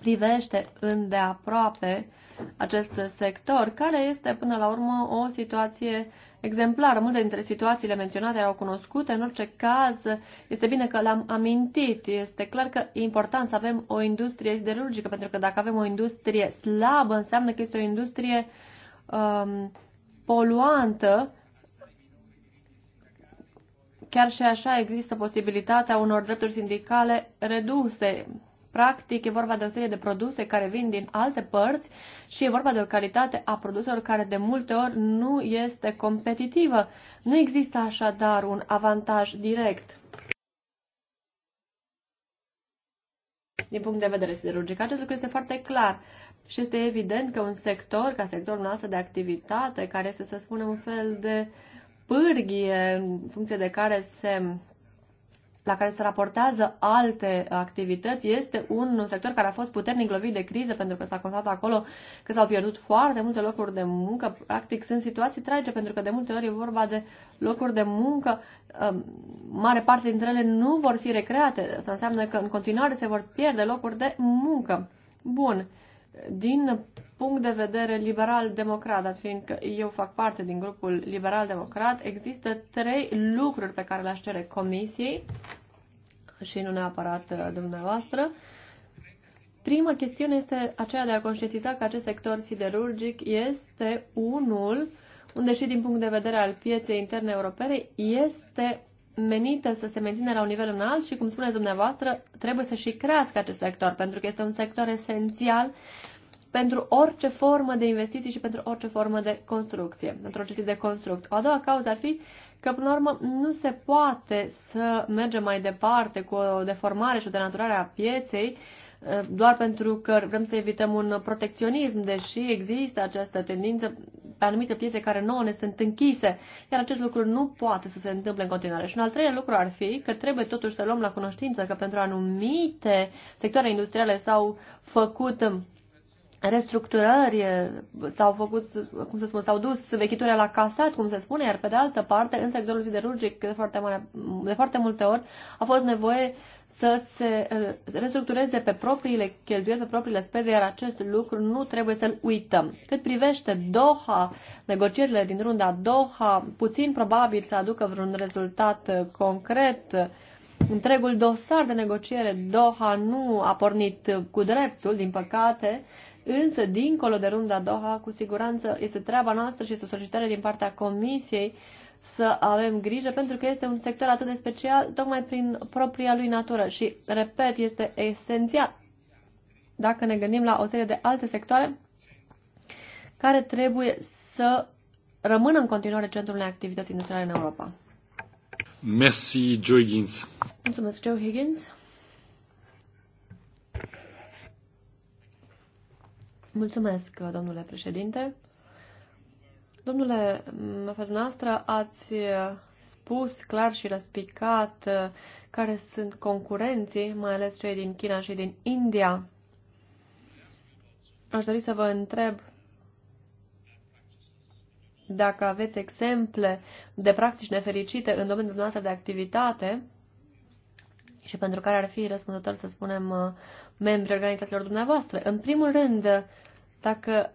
privește îndeaproape uh, acest sector, care este până la urmă o situație exemplară. Multe dintre situațiile menționate erau cunoscute, în orice caz este bine că l-am amintit. Este clar că e important să avem o industrie siderurgică, pentru că dacă avem o industrie slabă, înseamnă că este o industrie um, poluantă. Chiar și așa există posibilitatea unor drepturi sindicale reduse Practic, e vorba de o serie de produse care vin din alte părți și e vorba de o calitate a produselor care de multe ori nu este competitivă. Nu există așadar un avantaj direct. Din punct de vedere siderurgic, acest lucru este foarte clar. Și este evident că un sector, ca sectorul nostru de activitate, care este, să spunem, un fel de pârghie în funcție de care se la care se raportează alte activități, este un sector care a fost puternic lovit de criză pentru că s-a constatat acolo că s-au pierdut foarte multe locuri de muncă. Practic sunt situații tragice pentru că de multe ori e vorba de locuri de muncă, um, mare parte dintre ele nu vor fi recreate. Asta înseamnă că în continuare se vor pierde locuri de muncă. Bun. Din punct de vedere liberal-democrat, dar fiindcă eu fac parte din grupul liberal-democrat, există trei lucruri pe care le-aș cere comisiei și nu neapărat uh, dumneavoastră. Prima chestiune este aceea de a conștientiza că acest sector siderurgic este unul unde și din punct de vedere al pieței interne europene este menită să se mențină la un nivel înalt și, cum spuneți dumneavoastră, trebuie să și crească acest sector, pentru că este un sector esențial pentru orice formă de investiții și pentru orice formă de construcție, pentru orice tip de construct. O a doua cauză ar fi că, până la urmă, nu se poate să mergem mai departe cu o deformare și o denaturare a pieței eh, doar pentru că vrem să evităm un protecționism, deși există această tendință pe anumite piețe care nouă ne sunt închise, iar acest lucru nu poate să se întâmple în continuare. Și un al treilea lucru ar fi că trebuie totuși să luăm la cunoștință că pentru anumite sectoare industriale s-au făcut restructurări, e, s-au făcut, cum să spun, s-au dus vechiturile la casat, cum se spune, iar pe de altă parte, în sectorul siderurgic, de foarte, mare, de foarte multe ori, a fost nevoie să se e, restructureze pe propriile cheltuieli, pe propriile speze, iar acest lucru nu trebuie să-l uităm. Cât privește Doha, negocierile din runda Doha, puțin probabil să aducă vreun rezultat e, concret, întregul dosar de negociere Doha nu a pornit cu dreptul, din păcate, Însă, dincolo de runda Doha, cu siguranță este treaba noastră și este o solicitare din partea Comisiei să avem grijă, pentru că este un sector atât de special, tocmai prin propria lui natură. Și, repet, este esențial dacă ne gândim la o serie de alte sectoare care trebuie să rămână în continuare centrul unei activități industriale în Europa. Merci, Joe Higgins. Mulțumesc, Joe Higgins. Mulțumesc, domnule președinte. Domnule, dumneavoastră ați spus clar și răspicat uh, care sunt concurenții, mai ales cei din China și din India. Aș dori să vă întreb dacă aveți exemple de practici nefericite în domeniul dumneavoastră de activitate și pentru care ar fi răspunzător, să spunem, uh, membrii organizațiilor dumneavoastră. În primul rând, dacă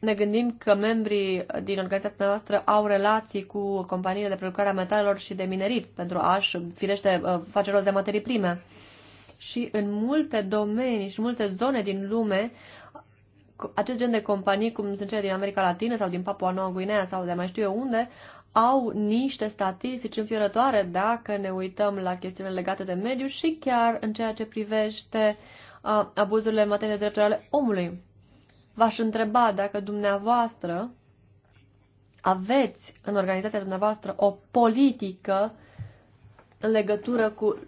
ne gândim că membrii din organizația noastră au relații cu companiile de producare a metalelor și de minerit pentru a-și, firește, uh, face rost de materii prime. Și în multe domenii și multe zone din lume, acest gen de companii, cum sunt cele din America Latină sau din Papua Noua Guinea sau de mai știu eu unde, au niște statistici înfiorătoare dacă ne uităm la chestiunile legate de mediu și chiar în ceea ce privește uh, abuzurile în materie de drepturi ale omului. V-aș întreba dacă dumneavoastră aveți în organizația dumneavoastră o politică în legătură cu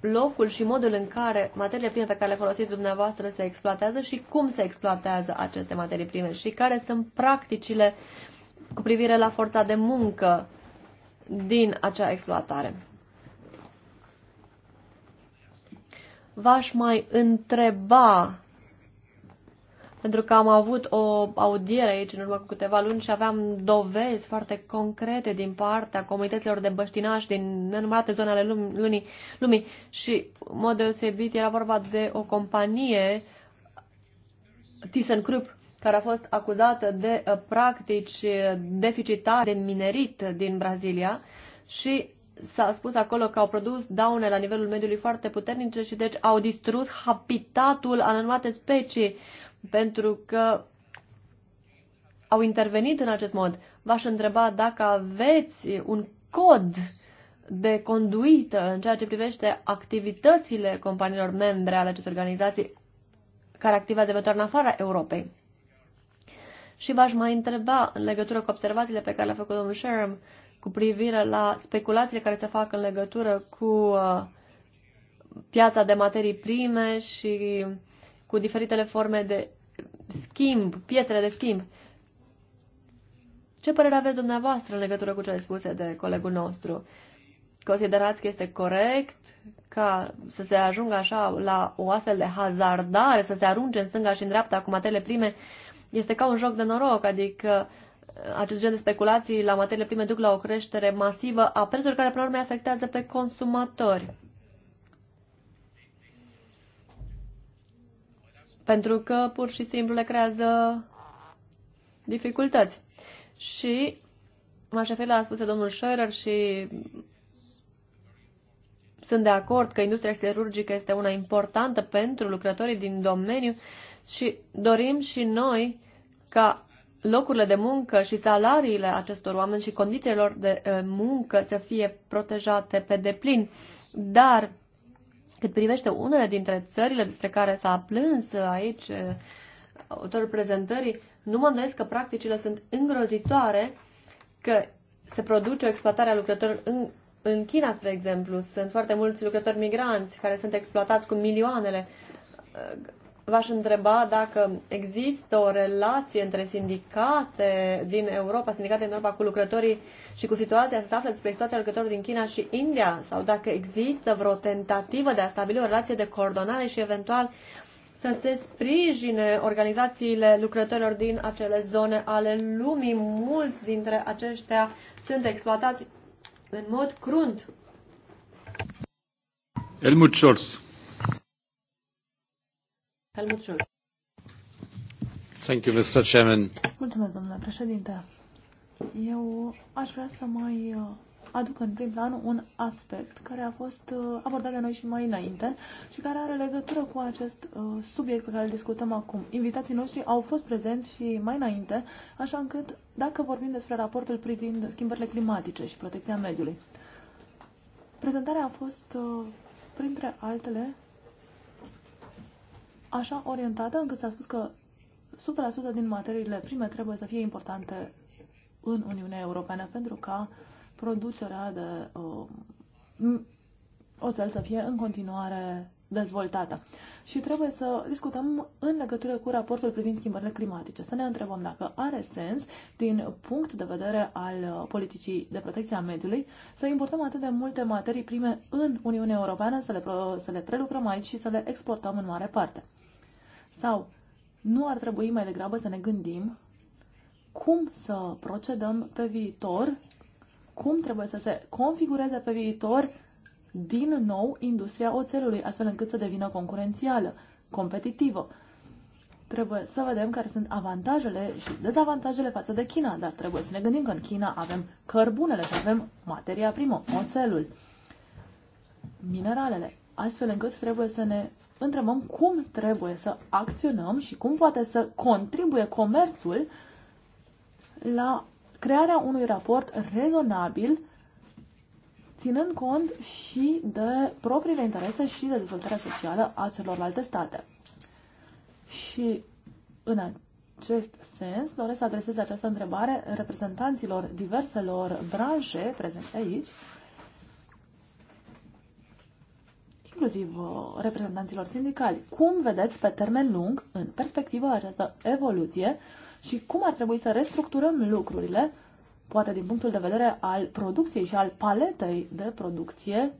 locul și modul în care materiile prime pe care le folosiți dumneavoastră se exploatează și cum se exploatează aceste materii prime și care sunt practicile uh, cu privire la forța de muncă din acea exploatare. V-aș mai întreba, pentru că am avut o audiere aici în urmă cu câteva luni și aveam dovezi foarte concrete din partea comunităților de băștinași din nenumărate zone ale lumii, lumii și, în mod deosebit, era vorba de o companie, ThyssenKrupp, care a fost acuzată de uh, practici uh, deficitare de minerit din Brazilia și s-a spus acolo că au produs daune la nivelul mediului foarte puternice și deci au distrus habitatul anumate specii pentru că au intervenit în acest mod. V-aș întreba dacă aveți un cod de conduită în ceea ce privește activitățile companiilor membre ale acestei organizații care activează eventual în afara Europei. Și v-aș mai întreba în legătură cu observațiile pe care le-a făcut domnul Sherem cu privire la speculațiile care se fac în legătură cu uh, piața de materii prime și cu diferitele forme de schimb, pietre de schimb. Ce părere aveți dumneavoastră în legătură cu cele spuse de colegul nostru? Considerați că este corect ca să se ajungă așa la o astfel de hazardare, să se arunce în stânga și în dreapta cu materiile prime Este ca un joc de noroc, adică uh, acest gen de speculații la materiile prime duc la o creștere masivă a prețurilor care, până la urmă, afectează pe consumatori. Pentru că, pur și simplu, le creează dificultăți. Și m-aș referi la spus domnul Scherer și sunt de acord că industria siderurgică este una importantă pentru lucrătorii din domeniu și dorim și noi ca locurile de muncă și salariile acestor oameni și condițiilor de e, muncă să fie protejate pe deplin. Dar cât privește unele dintre țările despre care s-a plâns aici e, autorul prezentării, nu mă îndoiesc că practicile sunt îngrozitoare, că se produce o exploatare a lucrătorilor în, în China, spre exemplu. Sunt foarte mulți lucrători migranți care sunt exploatați cu milioanele v-aș întreba dacă există o relație între sindicate din Europa, sindicate din Europa cu lucrătorii și cu situația, să se află despre situația lucrătorilor din China și India, sau dacă există vreo tentativă de a stabili o relație de coordonare și eventual să se sprijine organizațiile lucrătorilor din acele zone ale lumii. Mulți dintre aceștia sunt exploatați în mod crunt. Helmut Scholz. Helmut Schulz. Thank you, Mr. Chairman. Mulțumesc, domnule președinte. Eu aș vrea să mai uh, aduc în prim plan un aspect care a fost uh, abordat de noi și mai înainte și care are legătură cu acest uh, subiect pe care îl discutăm acum. Invitații noștri au fost prezenți și mai înainte, așa încât dacă vorbim despre raportul privind schimbările climatice și protecția mediului. Prezentarea a fost, printre altele, așa orientată încât s-a spus că 100% din materiile prime trebuie să fie importante în Uniunea Europeană pentru ca producerea de uh, oțel să fie în continuare dezvoltată. Și trebuie să discutăm în legătură cu raportul privind schimbările climatice, să ne întrebăm dacă are sens, din punct de vedere al politicii de protecție a mediului, să importăm atât de multe materii prime în Uniunea Europeană, să le, să le prelucrăm aici și să le exportăm în mare parte. Sau nu ar trebui mai degrabă să ne gândim cum să procedăm pe viitor, cum trebuie să se configureze pe viitor din nou industria oțelului, astfel încât să devină concurențială, competitivă. Trebuie să vedem care sunt avantajele și dezavantajele față de China, dar trebuie să ne gândim că în China avem cărbunele și avem materia primă, oțelul, mineralele, astfel încât trebuie să ne întrebăm cum trebuie să acționăm și cum poate să contribuie comerțul la crearea unui raport rezonabil, ținând cont și de propriile interese și de dezvoltarea socială a celorlalte state. Și în acest sens doresc să adresez această întrebare reprezentanților diverselor branșe prezente aici, inclusiv uh, reprezentanților sindicali. Cum vedeți pe termen lung, în perspectivă, această evoluție și cum ar trebui să restructurăm lucrurile, poate din punctul de vedere al producției și al paletei de producție,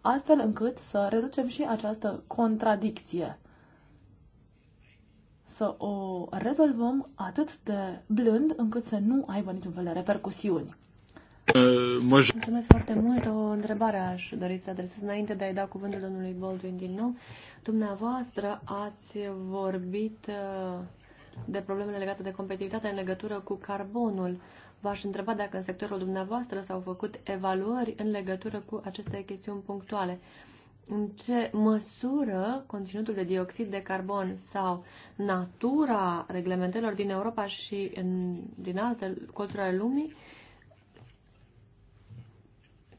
astfel încât să reducem și această contradicție să o rezolvăm atât de blând încât să nu aibă niciun fel de repercusiuni. Euh, moi, je... Mulțumesc foarte mult. O întrebare aș dori să adresez înainte de a-i da cuvântul domnului Baldwin din nou. Dumneavoastră ați vorbit uh, de problemele legate de competitivitate în legătură cu carbonul. V-aș întreba dacă în sectorul dumneavoastră s-au făcut evaluări în legătură cu aceste chestiuni punctuale. În ce măsură conținutul de dioxid de carbon sau natura reglementelor din Europa și în, din alte colțuri ale lumii uh,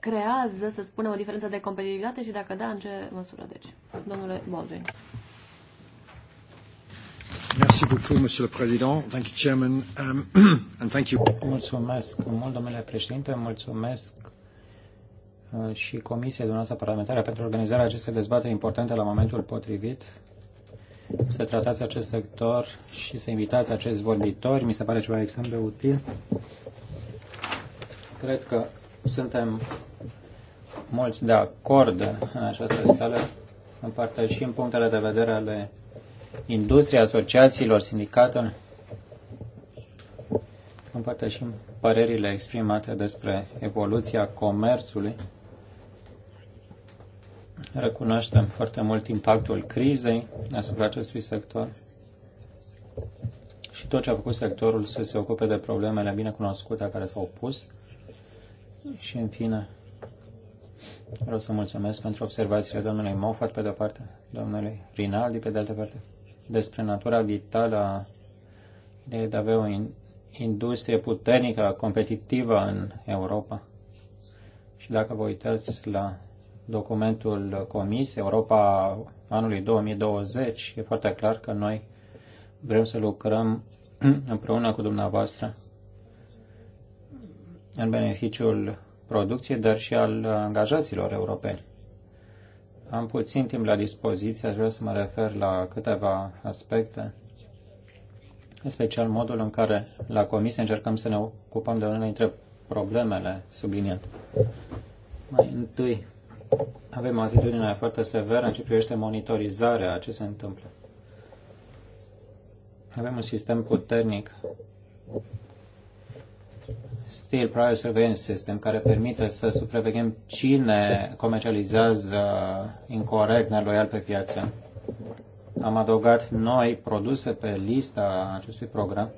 creează, să spunem, o diferență de competitivitate și dacă da, în ce măsură? Deci, domnule Baldwin. Merci beaucoup, Monsieur le Président. Thank you, Chairman, um, [clears throat] and thank you. Mulțumesc mult, domnule președinte, mulțumesc uh, și Comisiei dumneavoastră parlamentară pentru organizarea acestei dezbateri importante la momentul potrivit să tratați acest sector și să invitați acest vorbitori. Mi se pare ceva extrem de util. Cred că Suntem mulți de acord în această sală, împărtășim punctele de vedere ale industriei, asociațiilor, sindicatelor, împărtășim părerile exprimate despre evoluția comerțului, recunoaștem foarte mult impactul crizei asupra acestui sector și tot ce a făcut sectorul să se ocupe de problemele binecunoscute care s-au pus Și în fine, vreau să mulțumesc pentru observațiile domnului Moffat, pe de-o parte, domnului Rinaldi, pe de altă parte, despre natura vitală a de a avea o in- industrie puternică, competitivă în Europa. Și dacă vă uitați la documentul comis, Europa anului 2020, e foarte clar că noi vrem să lucrăm [clears throat] împreună cu dumneavoastră în beneficiul producției, dar și al angajaților europeni. Am puțin timp la dispoziție, aș vrea să mă refer la câteva aspecte, în special modul în care la comisie încercăm să ne ocupăm de unele dintre problemele subliniate. Mai întâi, avem o atitudine foarte severă în ce privește monitorizarea a ce se întâmplă. Avem un sistem puternic Steel Price Surveillance System, care permite să supraveghem cine comercializează incorrect, neloial pe piață. Am adăugat noi produse pe lista acestui program.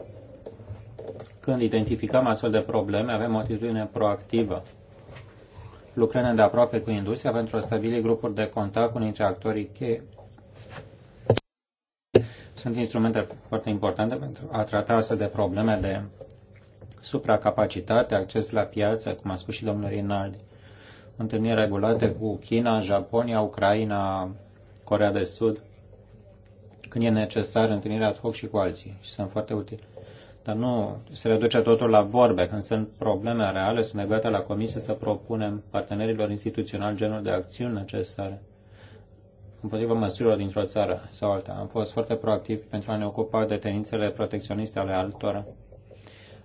Când identificăm astfel de probleme, avem o atitudine proactivă, Lucrăm de aproape cu industria pentru a stabili grupuri de contact cu dintre actorii cheie. Sunt instrumente foarte importante pentru a trata astfel de probleme de supracapacitate, acces la piață, cum a spus și domnul Rinaldi, întâlniri regulate cu China, Japonia, Ucraina, Corea de Sud, când e necesar întâlnirea ad hoc și cu alții și sunt foarte utile. Dar nu se reduce totul la vorbe. Când sunt probleme reale, sunt legate la comisie să propunem partenerilor instituționali genul de acțiuni necesare împotriva măsurilor dintr-o țară sau alta. Am fost foarte proactiv pentru a ne ocupa de tenințele protecționiste ale altora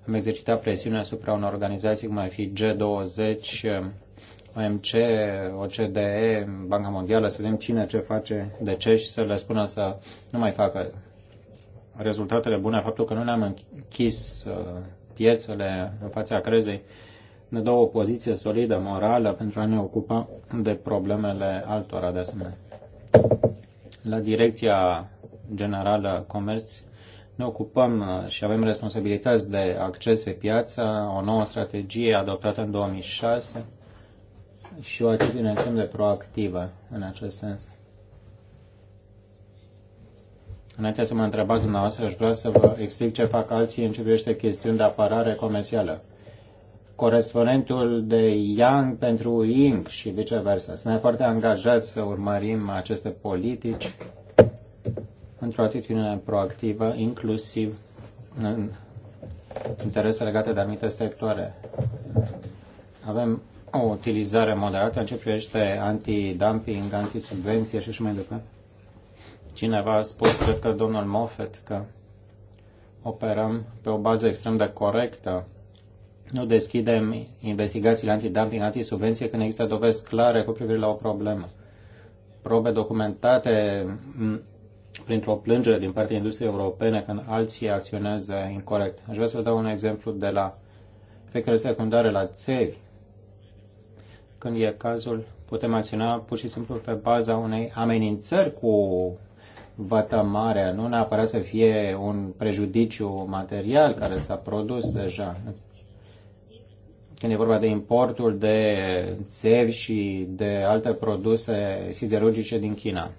am exercitat presiune asupra unor organizații cum ar fi G20, OMC, OCDE, Banca Mondială, să vedem cine ce face, de ce și să le spună să nu mai facă rezultatele bune, faptul că nu ne-am închis uh, piețele în fața crezei, ne dă o poziție solidă, morală, pentru a ne ocupa de problemele altora de asemenea. La direcția generală comerț ne ocupăm uh, și avem responsabilități de acces pe piață, o nouă strategie adoptată în 2006 și o atitudine extrem de proactivă în acest sens. Înainte să mă întrebați dumneavoastră, aș vrea să vă explic ce fac alții în ce privește chestiuni de apărare comercială. Corespondentul de Yang pentru Ying și viceversa. Suntem foarte angajați să urmărim aceste politici într-o atitudine proactivă, inclusiv în interese legate de anumite sectoare. Avem o utilizare moderată în ce privește anti-dumping, anti-subvenție și așa mai departe. Cineva a spus, cred că domnul Moffat, că operăm pe o bază extrem de corectă. Nu deschidem investigațiile anti-dumping, anti-subvenție când există dovezi clare cu privire la o problemă. Probe documentate printr-o plângere din partea industriei europene când alții acționează incorrect. Aș vrea să dau un exemplu de la efectele secundare la țevi. Când e cazul, putem acționa pur și simplu pe baza unei amenințări cu vata mare, nu neapărat să fie un prejudiciu material care s-a produs deja. Când e vorba de importul de țevi și de alte produse siderurgice din China.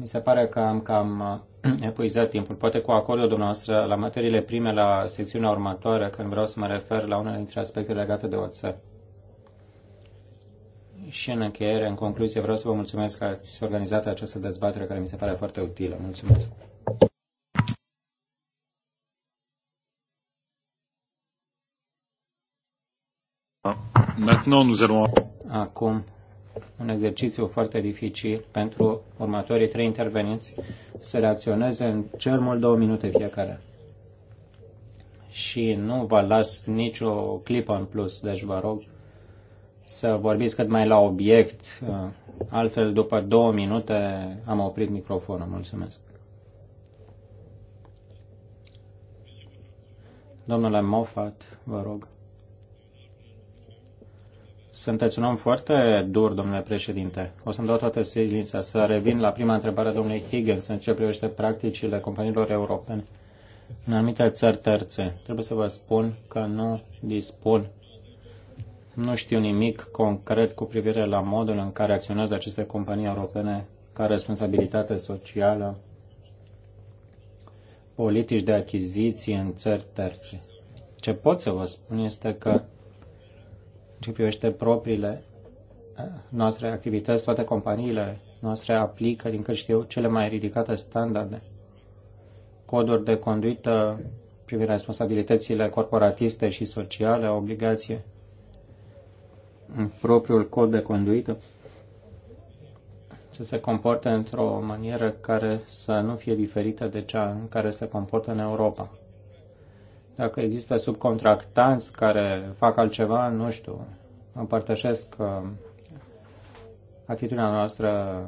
Mi se pare că am cam [clears throat] epuizat timpul. Poate cu acordul dumneavoastră la materiile prime la secțiunea următoare, când vreau să mă refer la unele dintre aspectele legate de oțel. Și în încheiere, în concluzie, vreau să vă mulțumesc că ați organizat această dezbatere care mi se pare foarte utilă. Mulțumesc! Acum un exercițiu foarte dificil pentru următorii trei interveniți să reacționeze în cel mult două minute fiecare. Și nu vă las nicio clipă în plus, deci vă rog să vorbiți cât mai la obiect, altfel după două minute am oprit microfonul. Mulțumesc. Domnule Moffat, vă rog. Sunteți un om foarte dur, domnule președinte. O să-mi dau toată silința să revin la prima întrebare a domnului Higgins în ce privește practicile companiilor europene în anumite țări terțe. Trebuie să vă spun că nu dispun, nu știu nimic concret cu privire la modul în care acționează aceste companii europene ca responsabilitate socială, politici de achiziții în țări terțe. Ce pot să vă spun este că ce privește propriile eh, noastre activități, toate companiile noastre aplică, din cât știu, cele mai ridicate standarde, coduri de conduită privind responsabilitățile corporatiste și sociale, obligație, propriul cod de conduită, să se comporte într-o manieră care să nu fie diferită de cea în care se comportă în Europa. Dacă există subcontractanți care fac altceva, nu știu, împărtășesc uh, atitudinea noastră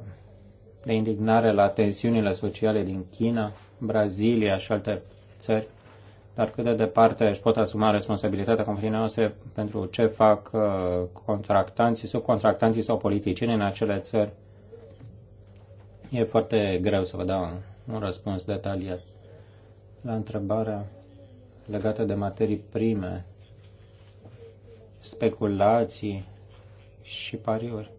de indignare la tensiunile sociale din China, Brazilia și alte țări, dar cât de departe își pot asuma responsabilitatea companiei noastre pentru ce fac uh, contractanții, subcontractanții sau politicieni în acele țări. E foarte greu să vă dau un răspuns detaliat la întrebarea legată de materii prime, speculații și pariuri.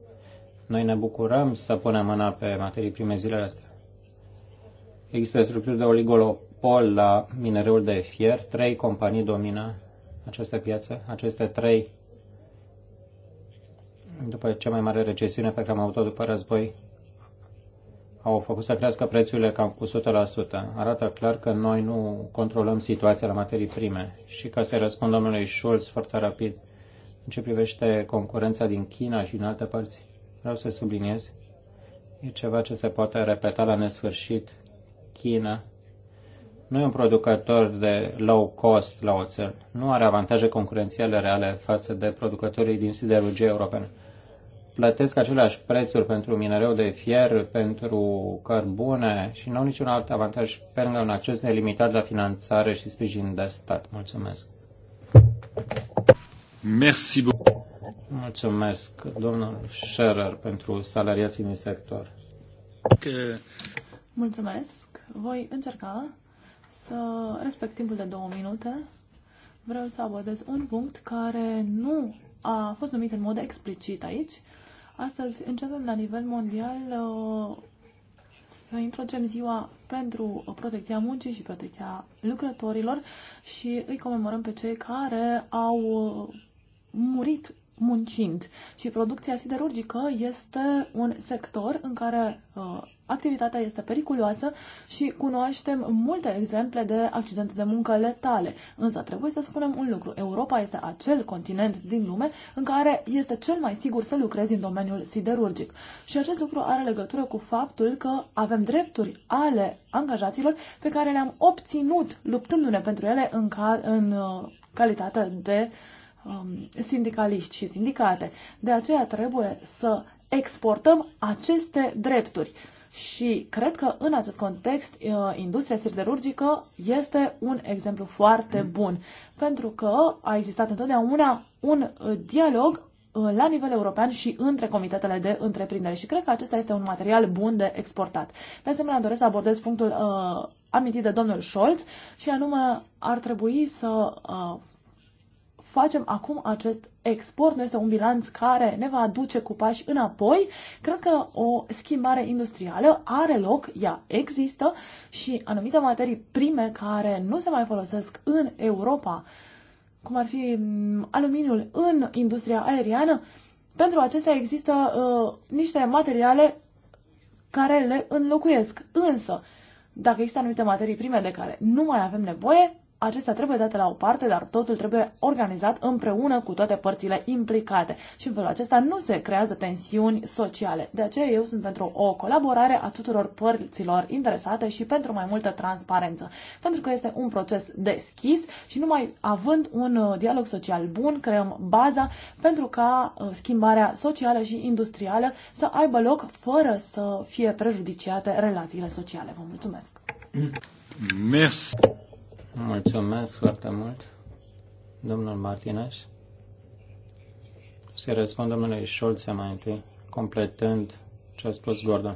Noi ne bucurăm să punem mâna pe materii prime zilele astea. Există structuri de oligopol la minereul de fier. Trei companii domină această piață. Aceste trei, după cea mai mare recesiune pe care am avut-o după război, au făcut să crească prețurile cam cu 100%. Arată clar că noi nu controlăm situația la materii prime. Și ca să răspund domnului Schulz foarte rapid, în ce privește concurența din China și din alte părți, vreau să subliniez, e ceva ce se poate repeta la nesfârșit. China nu e un producător de low cost la oțel, nu are avantaje concurențiale reale față de producătorii din siderurgie europene plătesc aceleași prețuri pentru minereu de fier, pentru cărbune și nu au niciun alt avantaj pe lângă un acces nelimitat la finanțare și sprijin de stat. Mulțumesc. Merci beaucoup. Mulțumesc, domnul Scherer, pentru salariații din sector. Că... Mulțumesc. Voi încerca să respect timpul de două minute. Vreau să abordez un punct care nu a fost numit în mod explicit aici, Astăzi începem la nivel mondial uh, să introducem ziua pentru protecția muncii și protecția lucrătorilor și îi comemorăm pe cei care au uh, murit muncind. Și producția siderurgică este un sector în care uh, activitatea este periculoasă și cunoaștem multe exemple de accidente de muncă letale. Însă trebuie să spunem un lucru. Europa este acel continent din lume în care este cel mai sigur să lucrezi în domeniul siderurgic. Și acest lucru are legătură cu faptul că avem drepturi ale angajaților pe care le-am obținut luptându-ne pentru ele în, cal- în uh, calitate de um, sindicaliști și sindicate. De aceea trebuie să exportăm aceste drepturi. Și cred că în acest context uh, industria siderurgică este un exemplu foarte mm. bun, pentru că a existat întotdeauna un uh, dialog uh, la nivel european și între comitetele de întreprindere și cred că acesta este un material bun de exportat. De asemenea, doresc să abordez punctul uh, amintit de domnul Scholz și anume ar trebui să uh, facem acum acest export, nu este un bilanț care ne va aduce cu pași înapoi. Cred că o schimbare industrială are loc, ea există și anumite materii prime care nu se mai folosesc în Europa, cum ar fi aluminiul în industria aeriană, pentru acestea există uh, niște materiale care le înlocuiesc. Însă, dacă există anumite materii prime de care nu mai avem nevoie, acestea trebuie date la o parte, dar totul trebuie organizat împreună cu toate părțile implicate și în felul acesta nu se creează tensiuni sociale. De aceea eu sunt pentru o colaborare a tuturor părților interesate și pentru mai multă transparență, pentru că este un proces deschis și numai având un uh, dialog social bun creăm baza pentru ca uh, schimbarea socială și industrială să aibă loc fără să fie prejudiciate relațiile sociale. Vă mulțumesc! Merci. Mulțumesc foarte mult, domnul Martinez. Se răspund domnului Șolțe mai întâi, completând ce a spus Gordon.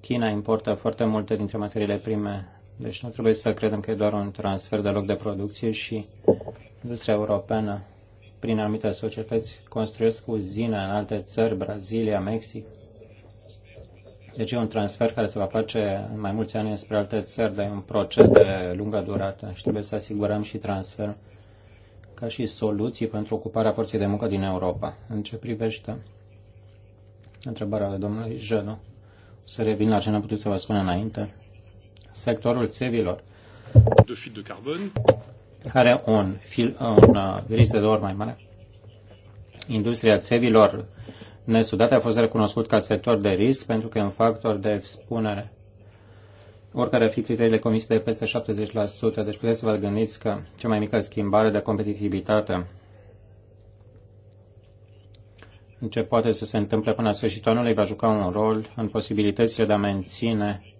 China importă foarte multe dintre materiile prime, deci nu trebuie să credem că e doar un transfer de loc de producție și industria europeană, prin anumite societăți, construiesc uzine în alte țări, Brazilia, Mexic, Deci e un transfer care se va face în mai mulți ani spre alte țări, dar e un proces de lungă durată și trebuie să asigurăm și transfer ca și soluții pentru ocuparea forței de muncă din Europa. În ce privește întrebarea de domnului Jeno, să revin la ce n-am putut să vă spun înainte, sectorul țevilor, de fil de carbon, care e un, fil, un uh, risc de două ori mai mare, industria țevilor nesudate a fost recunoscut ca sector de risc pentru că e un factor de expunere. Oricare ar fi criteriile comise de peste 70%, deci puteți să vă gândiți că cea mai mică schimbare de competitivitate ce poate să se întâmple până la sfârșitul anului va juca un rol în posibilitățile de a menține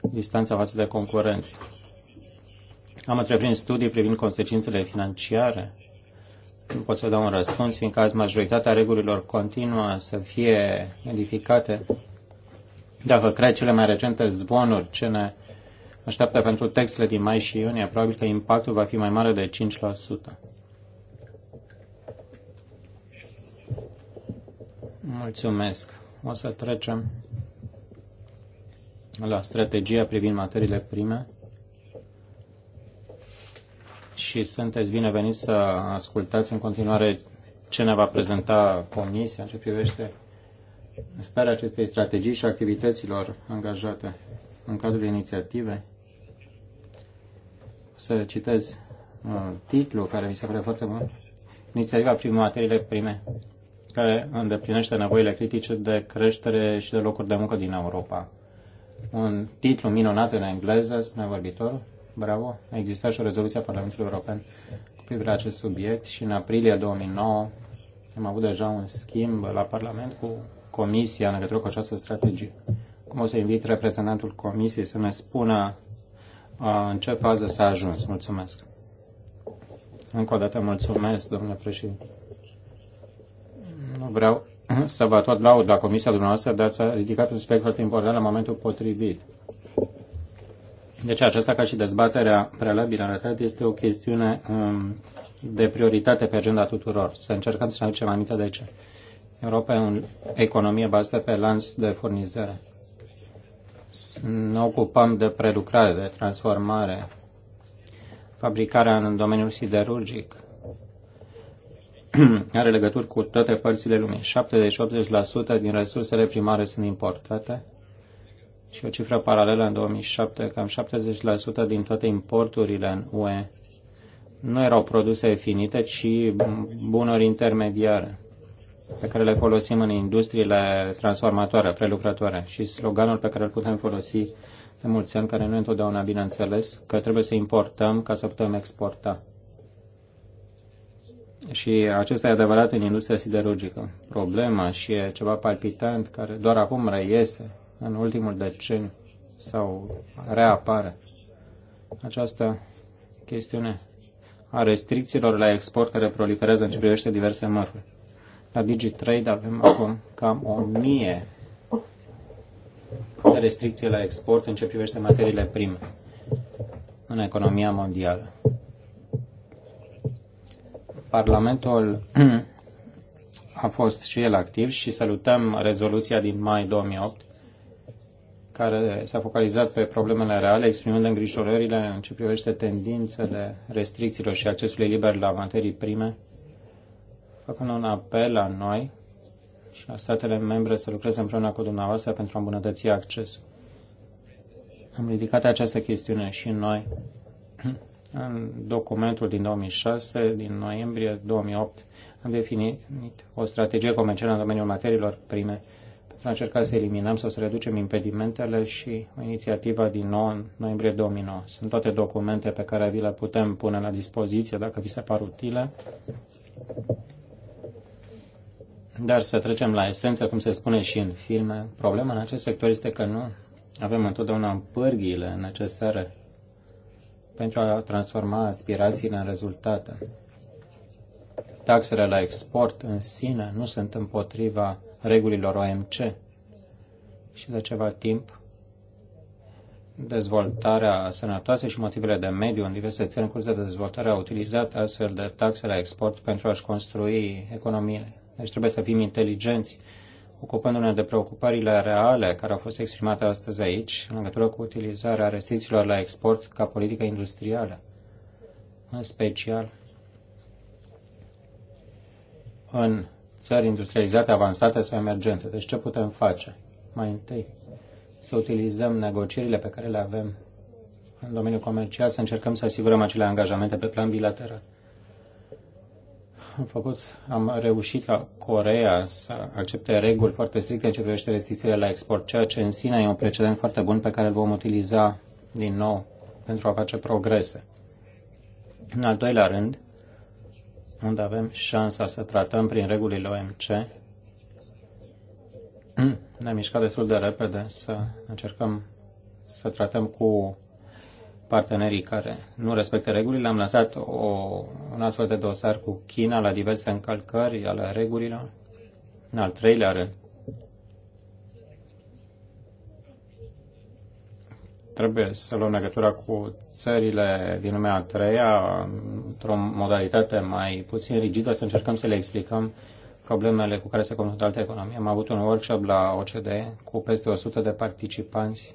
distanța față de concurenți. Am întreprins studii privind consecințele financiare nu pot să dau un răspuns, fiindcă azi majoritatea regulilor continuă să fie edificate. Dacă cred cele mai recente zvonuri ce ne așteaptă pentru textele din mai și iunie, probabil că impactul va fi mai mare de 5%. Mulțumesc. O să trecem la strategia privind materiile prime și sunteți bineveniți să ascultați în continuare ce ne va prezenta Comisia în ce privește starea acestei strategii și activităților angajate în cadrul inițiativei. Să citez uh, titlul care mi se pare foarte bun. Inițiativa privind materiile prime care îndeplinește nevoile critice de creștere și de locuri de muncă din Europa. Un titlu minunat în engleză, spune vorbitorul bravo, Există și o rezoluție a Parlamentului European cu privire la acest subiect și în aprilie 2009 am avut deja un schimb la Parlament cu Comisia în legătură cu această strategie. Cum o să invit reprezentantul Comisiei să ne spună uh, în ce fază s-a ajuns. Mulțumesc. Încă o dată mulțumesc, domnule președinte. Nu vreau să vă tot laud la comisia dumneavoastră, dar ați ridicat un subiect foarte important la momentul potrivit. Deci aceasta, ca și dezbaterea prealabilă retrat, este o chestiune um, de prioritate pe agenda tuturor. Să încercăm să ne aducem aminte de ce. Europa e o economie bazată pe lanț de furnizare. Ne ocupăm de prelucrare, de transformare, fabricarea în domeniul siderurgic. [clears throat] Are legături cu toate părțile lumii. 70-80% din resursele primare sunt importate și o cifră paralelă în 2007, cam 70% din toate importurile în UE nu erau produse finite, ci bunuri intermediare pe care le folosim în industriile transformatoare, prelucrătoare. Și sloganul pe care îl putem folosi de mulți ani, care nu e întotdeauna bineînțeles, că trebuie să importăm ca să putem exporta. Și acesta e adevărat în industria siderurgică. Problema și e ceva palpitant care doar acum reiese în ultimul deceniu sau reapare această chestiune a restricțiilor la export care proliferează în ce privește diverse mărfuri. La DigiTrade avem acum cam o mie de restricții la export în ce privește materiile prime în economia mondială. Parlamentul [clears throat] a fost și el activ și salutăm rezoluția din mai 2008 care s-a focalizat pe problemele reale, exprimând îngrijorările în ce privește tendințele restricțiilor și accesului liber la materii prime, făcând un apel la noi și la statele membre să lucreze împreună cu dumneavoastră pentru a îmbunătăți accesul. Am ridicat această chestiune și noi [clears throat] în documentul din 2006, din noiembrie 2008, am definit o strategie comercială în domeniul materiilor prime pentru a să eliminăm sau să reducem impedimentele și inițiativa din în noiembrie 2009. Sunt toate documente pe care vi le putem pune la dispoziție dacă vi se par utile. Dar să trecem la esență, cum se spune și în filme, problema în acest sector este că nu avem întotdeauna pârghiile necesare pentru a transforma aspirațiile în rezultate. Taxele la export în sine nu sunt împotriva regulilor OMC. Și de ceva timp, dezvoltarea sănătoasă și motivele de mediu în diverse țări în curs de dezvoltare au utilizat astfel de taxe la export pentru a-și construi economiile. Deci trebuie să fim inteligenți, ocupându-ne de preocupările reale care au fost exprimate astăzi aici în legătură cu utilizarea restricțiilor la export ca politică industrială. În special, în țări industrializate, avansate sau emergente. Deci ce putem face? Mai întâi, să utilizăm negocierile pe care le avem în domeniul comercial, să încercăm să asigurăm acele angajamente pe plan bilateral. Am făcut, am reușit ca Corea să accepte reguli foarte stricte în ce privește restricțiile la export, ceea ce în sine e un precedent foarte bun pe care îl vom utiliza din nou pentru a face progrese. În al doilea rând, unde avem șansa să tratăm prin regulile OMC, mm, ne-am mișcat destul de repede să încercăm să tratăm cu partenerii care nu respectă regulile. Am lansat o, un astfel de dosar cu China la diverse încălcări ale regulilor. În al treilea rând, trebuie să luăm legătura cu țările din lumea a treia într-o modalitate mai puțin rigidă, să încercăm să le explicăm problemele cu care se confruntă alte economii. Am avut un workshop la OCDE cu peste 100 de participanți,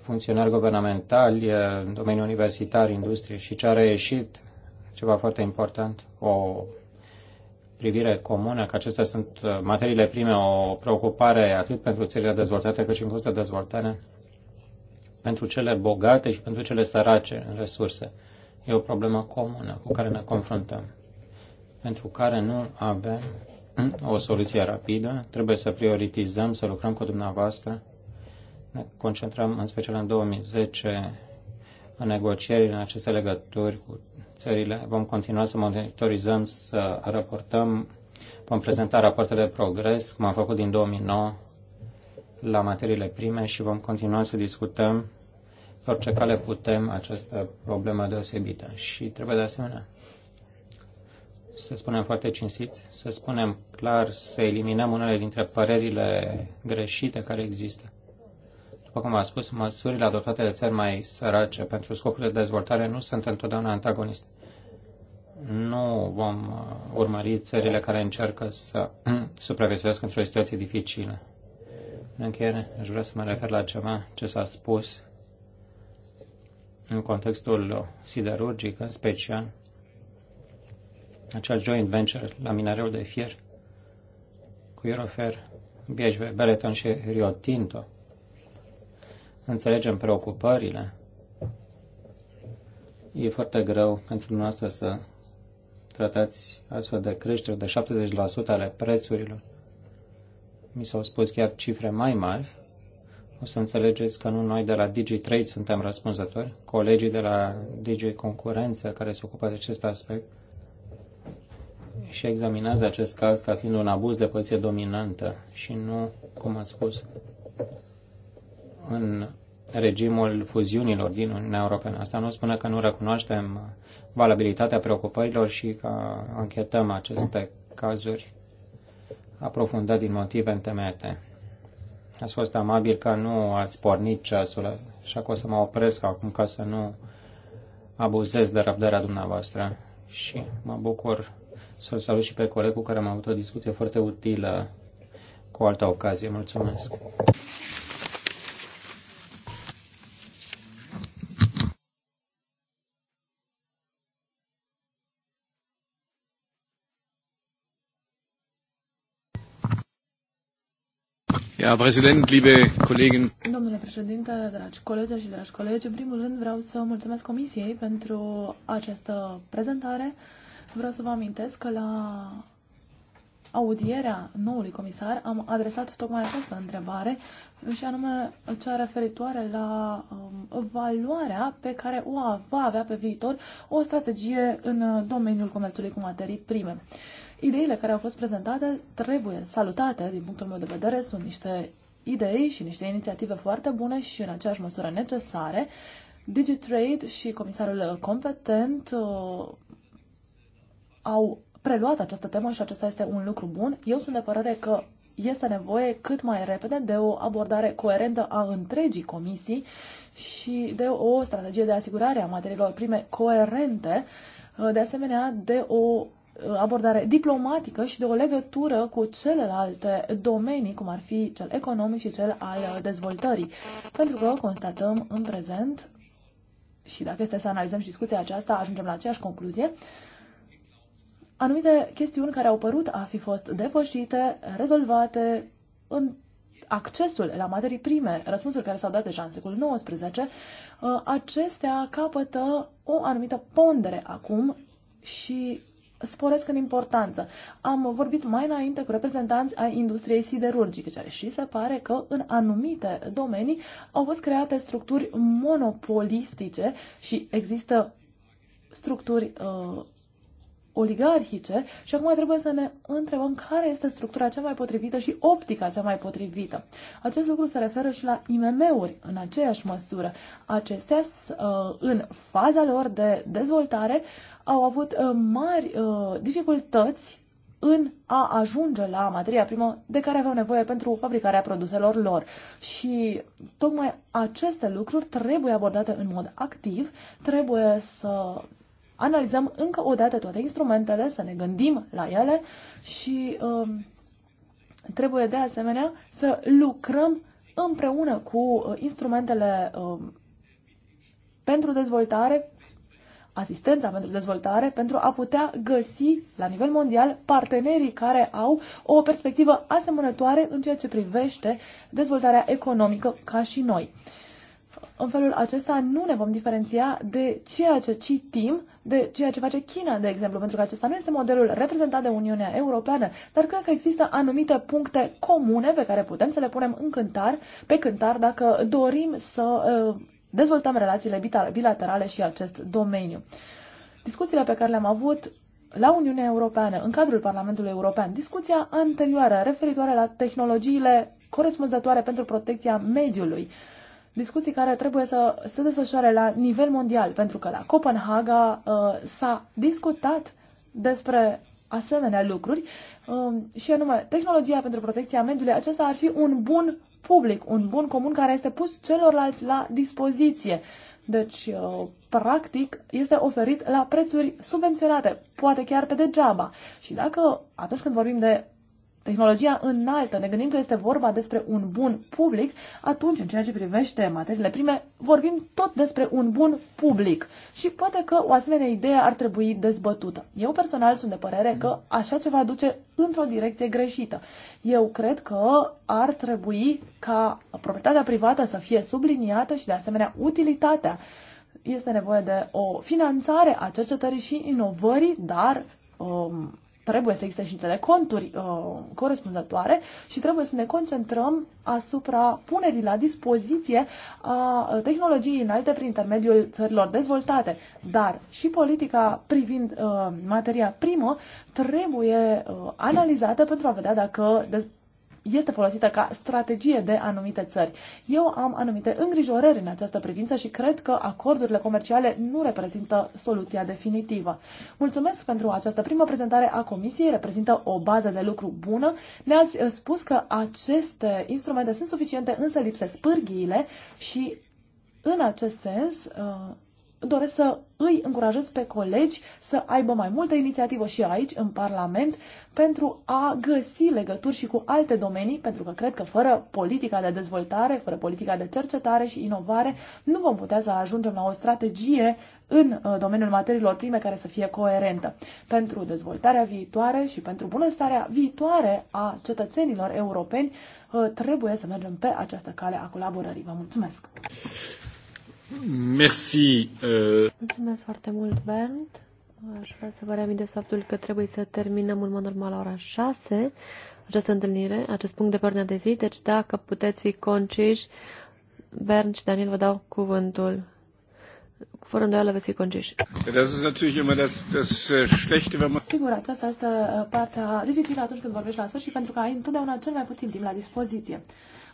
funcționari guvernamentali, în domeniul universitar, industrie și ce a reieșit, ceva foarte important, o privire comună, că acestea sunt materiile prime, o preocupare atât pentru țările dezvoltate cât și în curs de dezvoltare pentru cele bogate și pentru cele sărace în resurse. E o problemă comună cu care ne confruntăm, pentru care nu avem o soluție rapidă. Trebuie să prioritizăm, să lucrăm cu dumneavoastră. Ne concentrăm în special în 2010 în negocierile în aceste legături cu țările. Vom continua să monitorizăm, să raportăm. Vom prezenta rapoarte de progres, cum am făcut din 2009 la materiile prime și vom continua să discutăm pe orice cale putem această problemă deosebită. Și trebuie de asemenea să spunem foarte cinstit, să spunem clar, să eliminăm unele dintre părerile greșite care există. După cum am spus, măsurile adoptate de țări mai sărace pentru scopul de dezvoltare nu sunt întotdeauna antagoniste. Nu vom uh, urmări țările care încearcă să [clears throat] supraviețuiască într-o situație dificilă. În încheiere, aș vrea să mă refer la ceva ce s-a spus în contextul siderurgic, în special acel joint venture la minereul de fier cu Eurofer, BHP, Beleton și Rio Tinto. Înțelegem preocupările. E foarte greu pentru noastră să tratați astfel de creștere de 70% ale prețurilor. Mi s-au spus chiar cifre mai mari O să înțelegeți că nu noi de la Digi DigiTrade suntem răspunzători, colegii de la Digi Concurență care se ocupă de acest aspect și examinează acest caz ca fiind un abuz de poziție dominantă și nu, cum am spus, în regimul fuziunilor din Uniunea Europeană. Asta nu spune că nu recunoaștem valabilitatea preocupărilor și că anchetăm aceste cazuri aprofundat din motive întemeiate. Ați fost amabil că nu ați pornit ceasul, așa că o să mă opresc acum ca să nu abuzez de răbdarea dumneavoastră. Și mă bucur să-l salut și pe colegul care am avut o discuție foarte utilă cu o altă ocazie. Mulțumesc! liebe Domnule președinte, dragi colegi și dragi colegi, în primul rând vreau să mulțumesc Comisiei pentru această prezentare. Vreau să vă amintesc că la audierea noului comisar am adresat tocmai această întrebare și anume cea referitoare la um, valoarea pe care o va avea pe viitor o strategie în domeniul comerțului cu materii prime. Ideile care au fost prezentate trebuie salutate, din punctul meu de vedere, sunt niște idei și niște inițiative foarte bune și în aceeași măsură necesare. DigiTrade și comisarul competent uh, au preluat această temă și acesta este un lucru bun. Eu sunt de părere că este nevoie cât mai repede de o abordare coerentă a întregii comisii și de o strategie de asigurare a materiilor prime coerente, uh, de asemenea de o abordare diplomatică și de o legătură cu celelalte domenii, cum ar fi cel economic și cel al dezvoltării. Pentru că constatăm în prezent, și dacă este să analizăm și discuția aceasta, ajungem la aceeași concluzie, anumite chestiuni care au părut a fi fost depășite, rezolvate în accesul la materii prime, răspunsul care s-au dat deja în secolul XIX, acestea capătă o anumită pondere acum și sporesc în importanță. Am vorbit mai înainte cu reprezentanți ai industriei siderurgice și se pare că în anumite domenii au fost create structuri monopolistice și există structuri uh, oligarhice și acum trebuie să ne întrebăm care este structura cea mai potrivită și optica cea mai potrivită. Acest lucru se referă și la IMM-uri în aceeași măsură. Acestea, uh, în faza lor de dezvoltare, au avut uh, mari uh, dificultăți în a ajunge la materia primă de care aveau nevoie pentru fabricarea produselor lor. Și tocmai aceste lucruri trebuie abordate în mod activ, trebuie să analizăm încă o dată toate instrumentele, să ne gândim la ele și um, trebuie de asemenea să lucrăm împreună cu uh, instrumentele um, pentru dezvoltare, asistența pentru dezvoltare, pentru a putea găsi la nivel mondial partenerii care au o perspectivă asemănătoare în ceea ce privește dezvoltarea economică ca și noi. Uh, în felul acesta nu ne vom diferenția de ceea ce citim, de ceea ce face China, de exemplu, pentru că acesta nu este modelul reprezentat de Uniunea Europeană, dar cred că există anumite puncte comune pe care putem să le punem în cântar, pe cântar, dacă dorim să uh, dezvoltăm relațiile bilaterale și acest domeniu. Discuțiile pe care le-am avut la Uniunea Europeană, în cadrul Parlamentului European, discuția anterioară referitoare la tehnologiile corespunzătoare pentru protecția mediului, discuții care trebuie să se desfășoare la nivel mondial, pentru că la Copenhaga uh, s-a discutat despre asemenea lucruri uh, și anume tehnologia pentru protecția mediului, acesta ar fi un bun public, un bun comun care este pus celorlalți la dispoziție. Deci, uh, practic, este oferit la prețuri subvenționate, poate chiar pe degeaba. Și dacă, atunci când vorbim de tehnologia înaltă, ne gândim că este vorba despre un bun public, atunci, în ceea ce privește materiile prime, vorbim tot despre un bun public. Și poate că o asemenea idee ar trebui dezbătută. Eu personal sunt de părere că așa ceva duce într-o direcție greșită. Eu cred că ar trebui ca proprietatea privată să fie subliniată și, de asemenea, utilitatea. Este nevoie de o finanțare a cercetării și inovării, dar um, trebuie să existe și niște conturi uh, corespunzătoare și trebuie să ne concentrăm asupra punerii la dispoziție a tehnologiei înalte prin intermediul țărilor dezvoltate. Dar și politica privind uh, materia primă trebuie uh, analizată pentru a vedea dacă este folosită ca strategie de anumite țări. Eu am anumite îngrijorări în această privință și cred că acordurile comerciale nu reprezintă soluția definitivă. Mulțumesc pentru această primă prezentare a Comisiei, reprezintă o bază de lucru bună. Ne-ați eh, spus că aceste instrumente sunt suficiente, însă lipsesc pârghiile și în acest sens, uh, doresc să îi încurajez pe colegi să aibă mai multă inițiativă și aici, în Parlament, pentru a găsi legături și cu alte domenii, pentru că cred că fără politica de dezvoltare, fără politica de cercetare și inovare, nu vom putea să ajungem la o strategie în uh, domeniul materiilor prime care să fie coerentă. Pentru dezvoltarea viitoare și pentru bunăstarea viitoare a cetățenilor europeni, uh, trebuie să mergem pe această cale a colaborării. Vă mulțumesc! Merci. Uh... Mulțumesc foarte mult, Bernd. Aș vrea să vă reamintesc faptul că trebuie să terminăm în mod normal la ora 6 această întâlnire, acest punct de pornire de zi. Deci dacă puteți fi conciși, Bernd și Daniel vă dau cuvântul. Fără îndoială veți fi conciși. Sigur, aceasta este uh, partea dificilă atunci când vorbești la sfârșit, pentru că ai întotdeauna cel mai puțin timp la dispoziție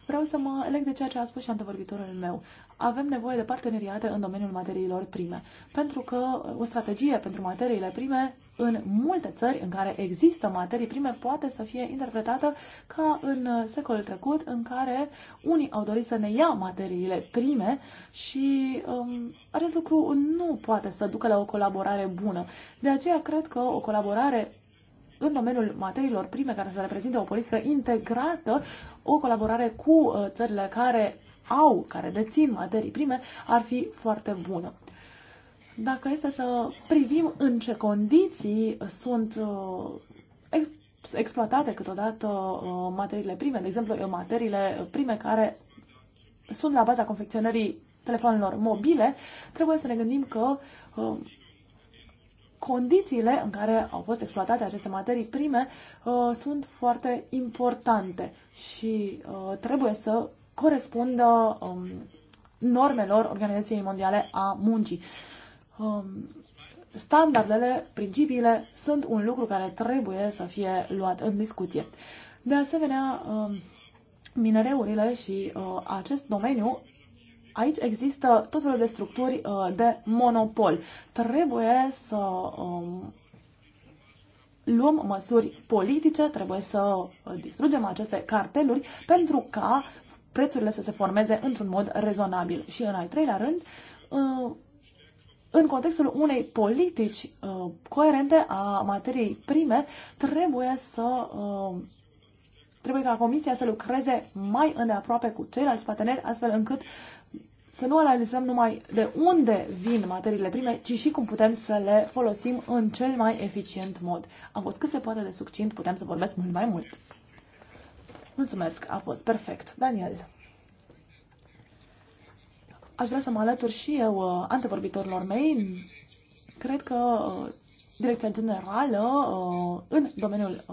vreau să mă leg de ceea ce a spus și antevorbitorul meu. Avem nevoie de parteneriate în domeniul materiilor prime, pentru că o strategie pentru materiile prime în multe țări în care există materii prime poate să fie interpretată ca în secolul trecut, în care unii au dorit să ne ia materiile prime și um, acest lucru nu poate să ducă la o colaborare bună. De aceea cred că o colaborare în domeniul materiilor prime care să reprezintă o politică integrată, o colaborare cu uh, țările care au, care dețin materii prime, ar fi foarte bună. Dacă este să privim în ce condiții sunt uh, exploatate câteodată uh, materiile prime, de exemplu materiile prime care sunt la baza confecționării telefonelor mobile, trebuie să ne gândim că condițiile în care au fost exploatate aceste materii prime uh, sunt foarte importante și uh, trebuie să corespundă um, normelor Organizației Mondiale a Muncii. Um, standardele, principiile sunt un lucru care trebuie să fie luat în discuție. De asemenea, um, minereurile și uh, acest domeniu aici există tot felul de structuri uh, de monopol. Trebuie să um, luăm măsuri politice, trebuie să uh, distrugem aceste carteluri pentru ca prețurile să se formeze într-un mod rezonabil. Și în al treilea rând, uh, în contextul unei politici uh, coerente a materiei prime, trebuie să trebuie ca Comisia să lucreze mai îndeaproape cu ceilalți parteneri, astfel încât să nu analizăm numai de unde vin materiile prime, ci și cum putem să le folosim în cel mai eficient mod. Am fost cât se poate de succint, putem să vorbesc mult mai mult. Mulțumesc, a fost perfect. Daniel. Aș vrea să mă alătur și eu uh, antevorbitorilor mei. Cred că uh, Direcția Generală în domeniul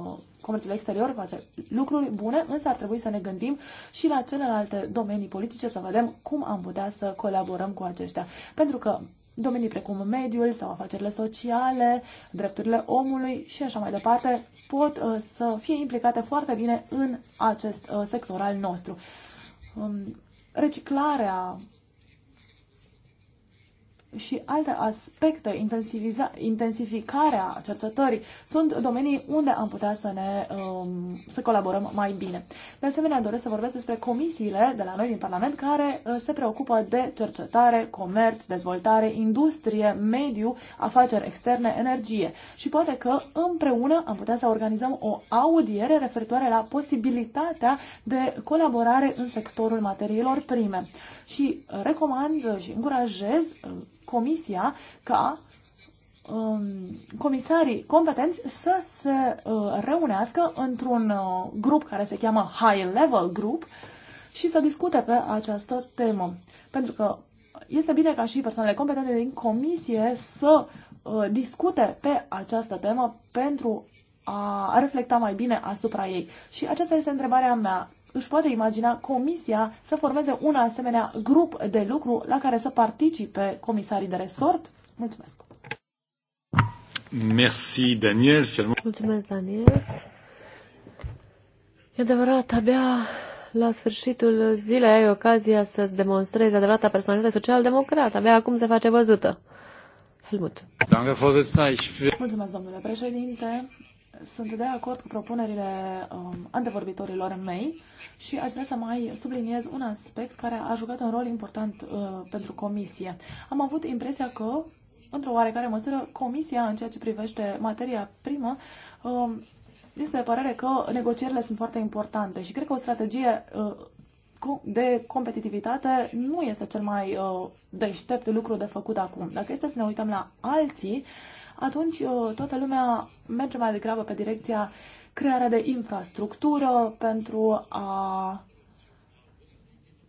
comerțului exterior face lucruri bune, însă ar trebui să ne gândim și la celelalte domenii politice să vedem cum am putea să colaborăm cu aceștia. Pentru că domenii precum mediul sau afacerile sociale, drepturile omului și așa mai departe pot uh, să fie implicate foarte bine în acest uh, sector al nostru. Um, reciclarea și alte aspecte, intensificarea cercetării, sunt domenii unde am putea să ne um, să colaborăm mai bine. De asemenea, doresc să vorbesc despre comisiile de la noi din Parlament care uh, se preocupă de cercetare, comerț, dezvoltare, industrie, mediu, afaceri externe, energie. Și poate că împreună am putea să organizăm o audiere referitoare la posibilitatea de colaborare în sectorul materiilor prime. Și uh, recomand și încurajez uh, Comisia ca um, comisarii competenți să se uh, reunească într-un uh, grup care se cheamă High Level Group și să discute pe această temă. Pentru că este bine ca și persoanele competente din comisie să uh, discute pe această temă pentru a reflecta mai bine asupra ei. Și aceasta este întrebarea mea își poate imagina Comisia să formeze un asemenea grup de lucru la care să participe comisarii de resort? Mulțumesc! Merci, Daniel. Mulțumesc, Daniel. E adevărat, abia la sfârșitul zilei ai ocazia să-ți demonstrezi adevărata personalitate social-democrată. Abia acum se face văzută. Helmut. Mulțumesc, domnule președinte. Sunt de acord cu propunerile um, antevorbitorilor mei și aș vrea să mai subliniez un aspect care a jucat un rol important uh, pentru comisie. Am avut impresia că, într-o oarecare măsură, comisia, în ceea ce privește materia primă, um, este de părere că negocierile sunt foarte importante și cred că o strategie uh, de competitivitate nu este cel mai uh, deștept lucru de făcut acum. Dacă este să ne uităm la alții, uh, atunci toată lumea merge mai degrabă pe direcția crearea de infrastructură pentru a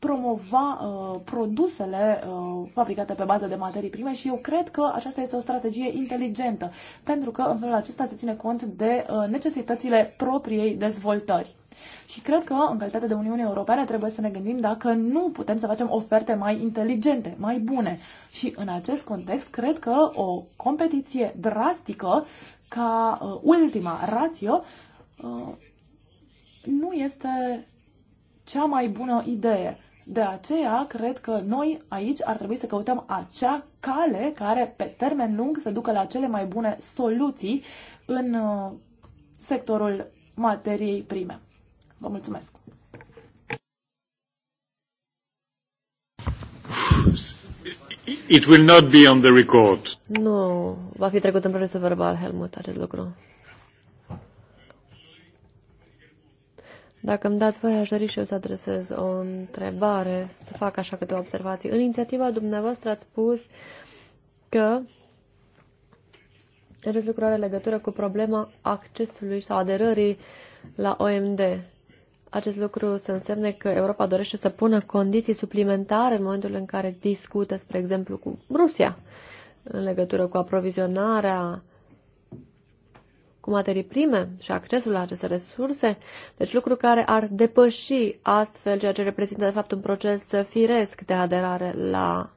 promova uh, produsele uh, fabricate pe bază de materii prime și eu cred că aceasta este o strategie inteligentă, pentru că în felul acesta se ține cont de uh, necesitățile propriei dezvoltări. Și cred că, în calitate de Uniune Europeană, trebuie să ne gândim dacă nu putem să facem oferte mai inteligente, mai bune. Și în acest context, cred că o competiție drastică, ca uh, ultima rațio, uh, nu este cea mai bună idee. De aceea, cred că noi aici ar trebui să căutăm acea cale care, pe termen lung, să ducă la cele mai bune soluții în uh, sectorul materiei prime. Vă mulțumesc! It will not be on the record. Nu, va fi trecut în procesul verbal, Helmut, acest lucru. Dacă îmi dați voi, aș dori și eu să adresez o întrebare, să fac așa câte observații. În inițiativa dumneavoastră ați spus că acest lucru are legătură cu problema accesului sau aderării la OMD. Acest lucru se însemne că Europa dorește să pună condiții suplimentare în momentul în care discută, spre exemplu, cu Rusia în legătură cu aprovizionarea cu materii prime și accesul la aceste resurse, deci lucru care ar depăși astfel ceea ce reprezintă de fapt un proces firesc de aderare la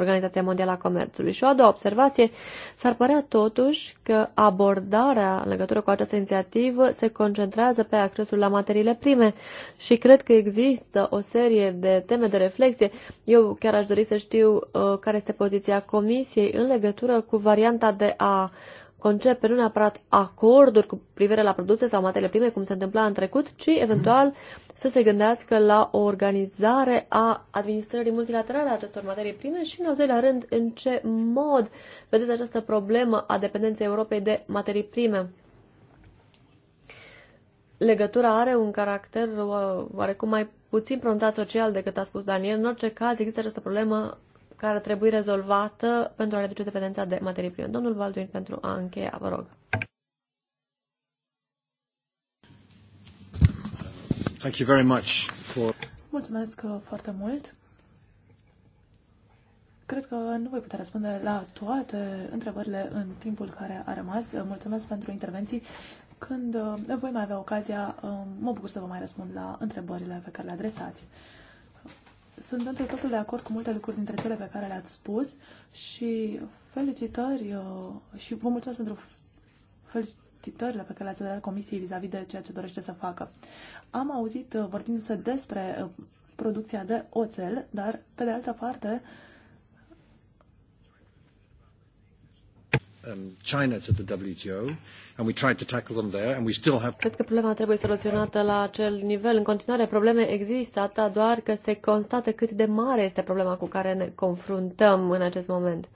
Organizația Mondială a Comerțului. Și o a doua observație, s-ar părea totuși că abordarea în legătură cu această inițiativă se concentrează pe accesul la materiile prime și cred că există o serie de teme de reflexie. Eu chiar aș dori să știu uh, care este poziția Comisiei în legătură cu varianta de a concep, nu neapărat acorduri cu privire la produse sau materiile prime, cum se întâmpla în trecut, ci eventual să se gândească la o organizare a administrării multilaterale a acestor materii prime și, în al doilea rând, în ce mod vedeți această problemă a dependenței Europei de materii prime. Legătura are un caracter uh, oarecum mai puțin pronunțat social decât a spus Daniel. În orice caz, există această problemă care ar trebui rezolvată pentru a reduce dependența de materii prime. Domnul Baldwin, pentru a încheia, vă rog. Thank you very much for... Mulțumesc uh, foarte mult. Cred că nu voi putea răspunde la toate întrebările în timpul care a rămas. Uh, mulțumesc pentru intervenții. Când uh, voi mai avea ocazia, mă bucur să vă mai răspund la întrebările pe care le adresați. Sunt într totul de acord cu multe lucruri dintre cele pe care le-ați spus și felicitări și vă mulțumesc pentru felicitările pe care le-ați dat comisiei vis-a-vis de ceea ce dorește să facă. Am auzit uh, vorbindu-se despre uh, producția de oțel, dar pe de altă parte Um, China to the WTO, and we tried to tackle them there, and we still have. Cred că problema trebuie soluționată la acel nivel. În continuare, probleme există, atât doar că se constată cât de mare este problema cu care ne confruntăm în acest moment.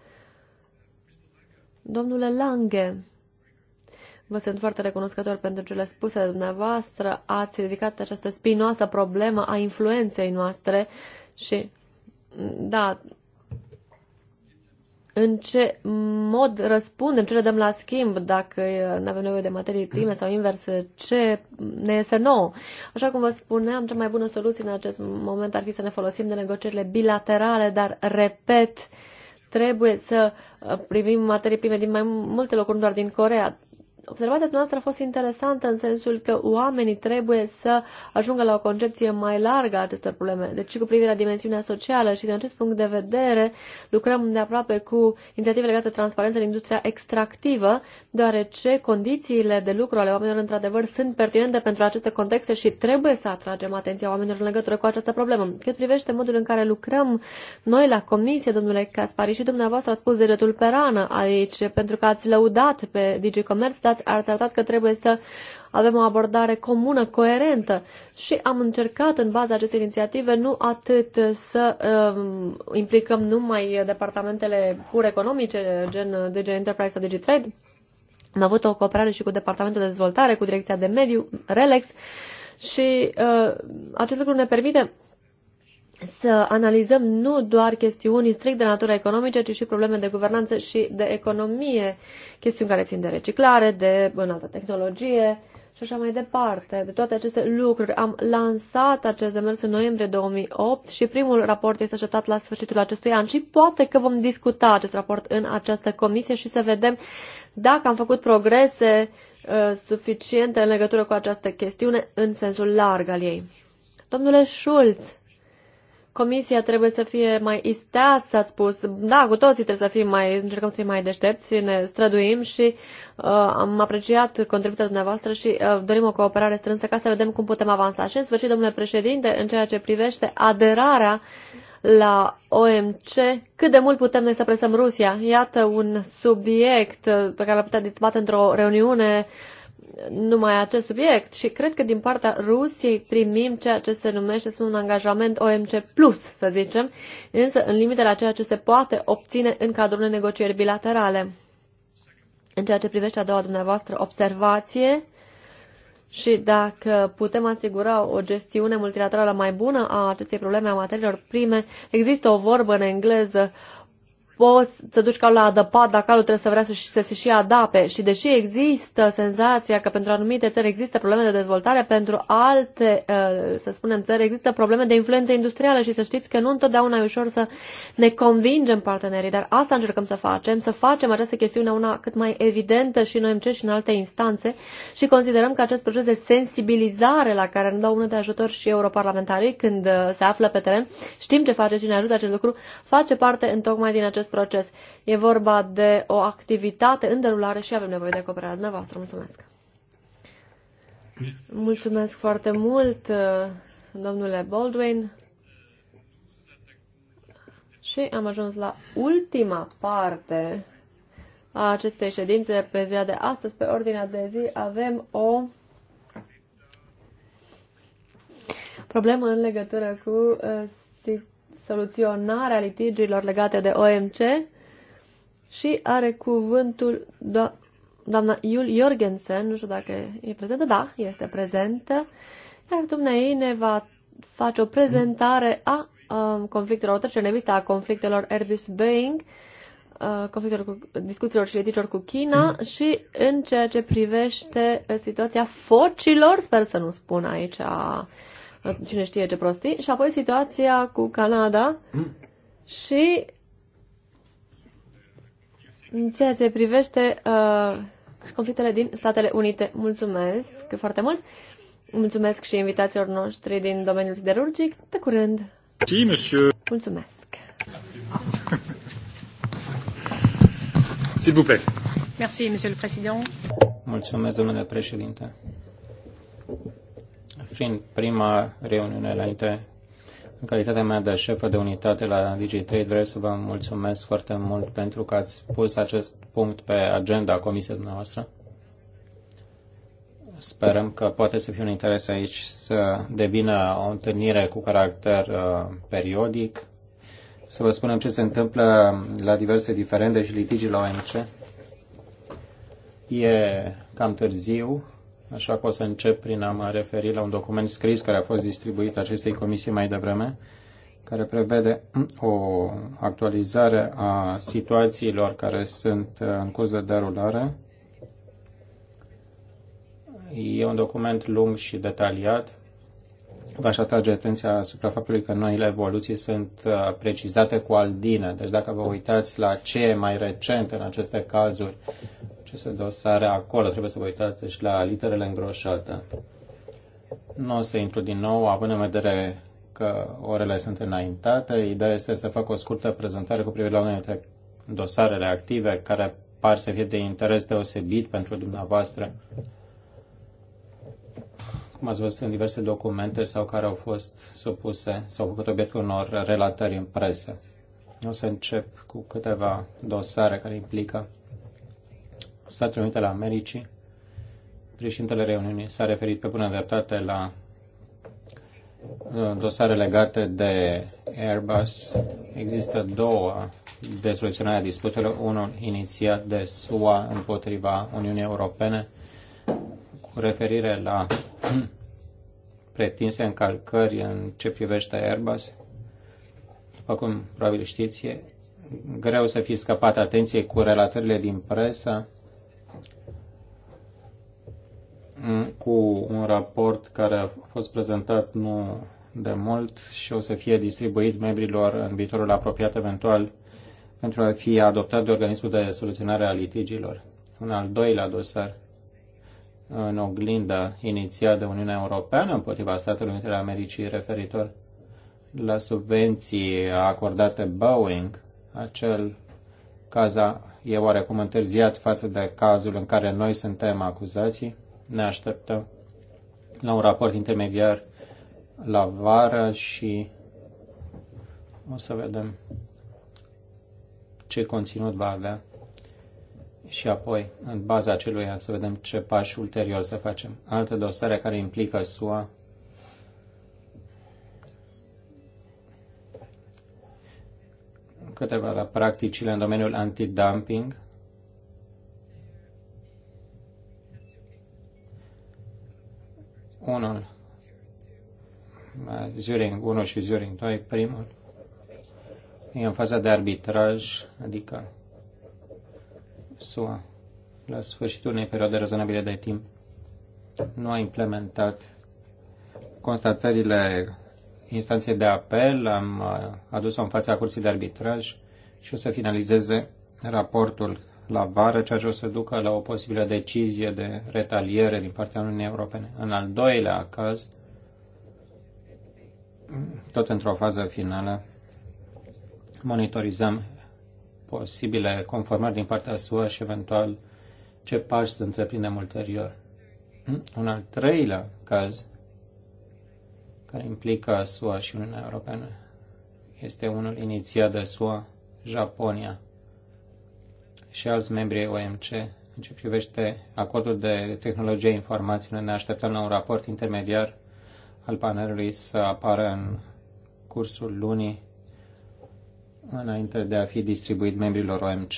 Domnule Lange, Vă sunt foarte recunoscător pentru cele spuse de dumneavoastră. Ați ridicat această spinoasă problemă a influenței noastre și, da, în ce mod răspundem, ce le dăm la schimb, dacă uh, nu avem nevoie de materii prime sau invers, uh, ce ne este nou. Așa cum vă spuneam, cea mai bună soluție în acest moment ar fi să ne folosim de negocierile bilaterale, dar, repet, trebuie să uh, privim materii prime din mai multe locuri, nu doar din Corea. Observația noastră a fost interesantă în sensul că oamenii trebuie să ajungă la o concepție mai largă a acestor probleme, deci și cu privire la dimensiunea socială și din acest punct de vedere lucrăm de aproape cu inițiative legate de transparență în industria extractivă, deoarece condițiile de lucru ale oamenilor într-adevăr sunt pertinente pentru aceste contexte și trebuie să atragem atenția oamenilor în legătură cu această problemă. Cât privește modul în care lucrăm noi la comisie, domnule Caspari, și dumneavoastră ați pus degetul pe rană aici, pentru că ați lăudat pe DigiCommerce, ați arătat că trebuie să avem o abordare comună, coerentă și am încercat în baza acestei inițiative nu atât să um, implicăm numai departamentele pur economice, gen DG Enterprise sau DigiTrade, am avut o cooperare și cu Departamentul de Dezvoltare, cu Direcția de Mediu, RELEX și uh, acest lucru ne permite să analizăm nu doar chestiuni strict de natură economică, ci și probleme de guvernanță și de economie, chestiuni care țin de reciclare, de înaltă tehnologie și așa mai departe. De toate aceste lucruri am lansat acest demers în noiembrie 2008 și primul raport este așteptat la sfârșitul acestui an și poate că vom discuta acest raport în această comisie și să vedem dacă am făcut progrese uh, suficiente în legătură cu această chestiune în sensul larg al ei. Domnule Schulz, Comisia trebuie să fie mai isteat, s-a spus. Da, cu toții trebuie să fim mai, încercăm să fim mai deștepți și ne străduim și uh, am apreciat contribuția dumneavoastră și uh, dorim o cooperare strânsă ca să vedem cum putem avansa. Și în sfârșit, domnule președinte, în ceea ce privește aderarea la OMC, cât de mult putem noi să presăm Rusia? Iată un subiect uh, pe care l a putea dezbate într-o reuniune uh, numai acest subiect și cred că din partea Rusiei primim ceea ce se numește sunt un angajament OMC+, plus, să zicem, însă în limitele la ceea ce se poate obține în cadrul negocieri bilaterale. În ceea ce privește a doua dumneavoastră observație, și dacă putem asigura o gestiune multilaterală mai bună a acestei probleme a materiilor prime, există o vorbă în engleză, uh, poți să duci calul la adăpat, dar calul trebuie să vrea să, să se și adape. Și deși există senzația că pentru anumite țări există probleme de dezvoltare, pentru alte, uh, să spunem, țări există probleme de influență industrială și să știți că nu întotdeauna e ușor să ne convingem partenerii, dar asta încercăm să facem, să facem această chestiune una cât mai evidentă și noi încerc și în alte instanțe și considerăm că acest proces de sensibilizare la care ne dau unul de ajutor și europarlamentarii când uh, se află pe teren, știm ce face și ne ajută acest lucru, face parte în tocmai din acest proces. E vorba de o activitate în derulare și avem nevoie de cooperarea dumneavoastră. Mulțumesc! Mulțumesc foarte mult, domnule Baldwin. Și am ajuns la ultima parte a acestei ședințe pe ziua de astăzi. Pe ordinea de zi avem o problemă în legătură cu uh, soluționarea litigiilor legate de OMC și are cuvântul do- doamna Iul Jorgensen, nu știu dacă e prezentă, da, este prezentă, iar dumnei ne va face o prezentare a um, conflictelor, o trecere în a conflictelor Airbus Boeing, uh, conflictelor cu, discuțiilor și litigiilor cu China și în ceea ce privește situația focilor, sper să nu spun aici a, cine știe ce prostii, și apoi situația cu Canada mm. și în ceea ce privește uh, conflictele din Statele Unite. Mulțumesc foarte mult! Mulțumesc și invitațiilor noștri din domeniul siderurgic. Pe curând! Mulțumesc! S'il vous plaît. Merci, monsieur le président. Mulțumesc, domnule președinte prin prima reuniune înainte în calitatea mea de șefă de unitate la DigiTrade, vreau să vă mulțumesc foarte mult pentru că ați pus acest punct pe agenda comisiei dumneavoastră. Sperăm că poate să fie un interes aici să devină o întâlnire cu caracter uh, periodic, să vă spunem ce se întâmplă la diverse diferende și litigi la OMC. E cam târziu, așa că o să încep prin a mă referi la un document scris care a fost distribuit acestei comisii mai devreme, care prevede o actualizare a situațiilor care sunt uh, în curs de derulare. E un document lung și detaliat. V-aș atrage atenția asupra faptului că noile evoluții sunt uh, precizate cu aldine. Deci dacă vă uitați la ce e mai recent în aceste cazuri, aceste dosare acolo. Trebuie să vă uitați și la literele îngroșate. Nu o să intru din nou, având în vedere că orele sunt înaintate. Ideea este să fac o scurtă prezentare cu privire la unele dintre dosarele active care par să fie de interes deosebit pentru dumneavoastră. Cum ați văzut în diverse documente sau care au fost supuse sau făcut obiectul unor relatări în presă. O să încep cu câteva dosare care implică Statele Unite ale Americii, președintele reuniunii s-a referit pe bună dreptate la uh, dosare legate de Airbus. Există două de soluționare a disputelor, unul inițiat de SUA împotriva Uniunii Europene cu referire la hmm, pretinse încalcări în ce privește Airbus. După cum probabil știți, e greu să fi scăpat atenție cu relatările din presă cu un raport care a fost prezentat nu de mult și o să fie distribuit membrilor în viitorul apropiat eventual pentru a fi adoptat de organismul de soluționare a litigiilor. Un al doilea dosar în oglinda inițiat de Uniunea Europeană împotriva Statelor Unite ale Americii referitor la subvenții acordate Boeing, acel caz e oarecum întârziat față de cazul în care noi suntem acuzații ne așteptăm la un raport intermediar la vară și o să vedem ce conținut va avea și apoi, în baza acelui, să vedem ce pași ulterior să facem. Alte dosare care implică SUA câteva la practicile în domeniul antidumping unul, Zuring 1 și Zuring 2, primul, e în faza de arbitraj, adică SUA, la sfârșitul unei perioade rezonabile de timp, nu a implementat constatările instanței de apel, am uh, adus-o în fața curții de arbitraj și o să finalizeze raportul la vară, ceea ce o să ducă la o posibilă decizie de retaliere din partea Uniunii Europene. În al doilea caz, tot într-o fază finală, monitorizăm posibile conformări din partea SUA și eventual ce pași să întreprindem ulterior. Un al treilea caz care implică SUA și Uniunea Europeană este unul inițiat de SUA, Japonia și alți membri ai OMC în ce privește acordul de tehnologie informațiilor. Ne așteptăm la un raport intermediar al panelului să apară în cursul lunii înainte de a fi distribuit membrilor OMC.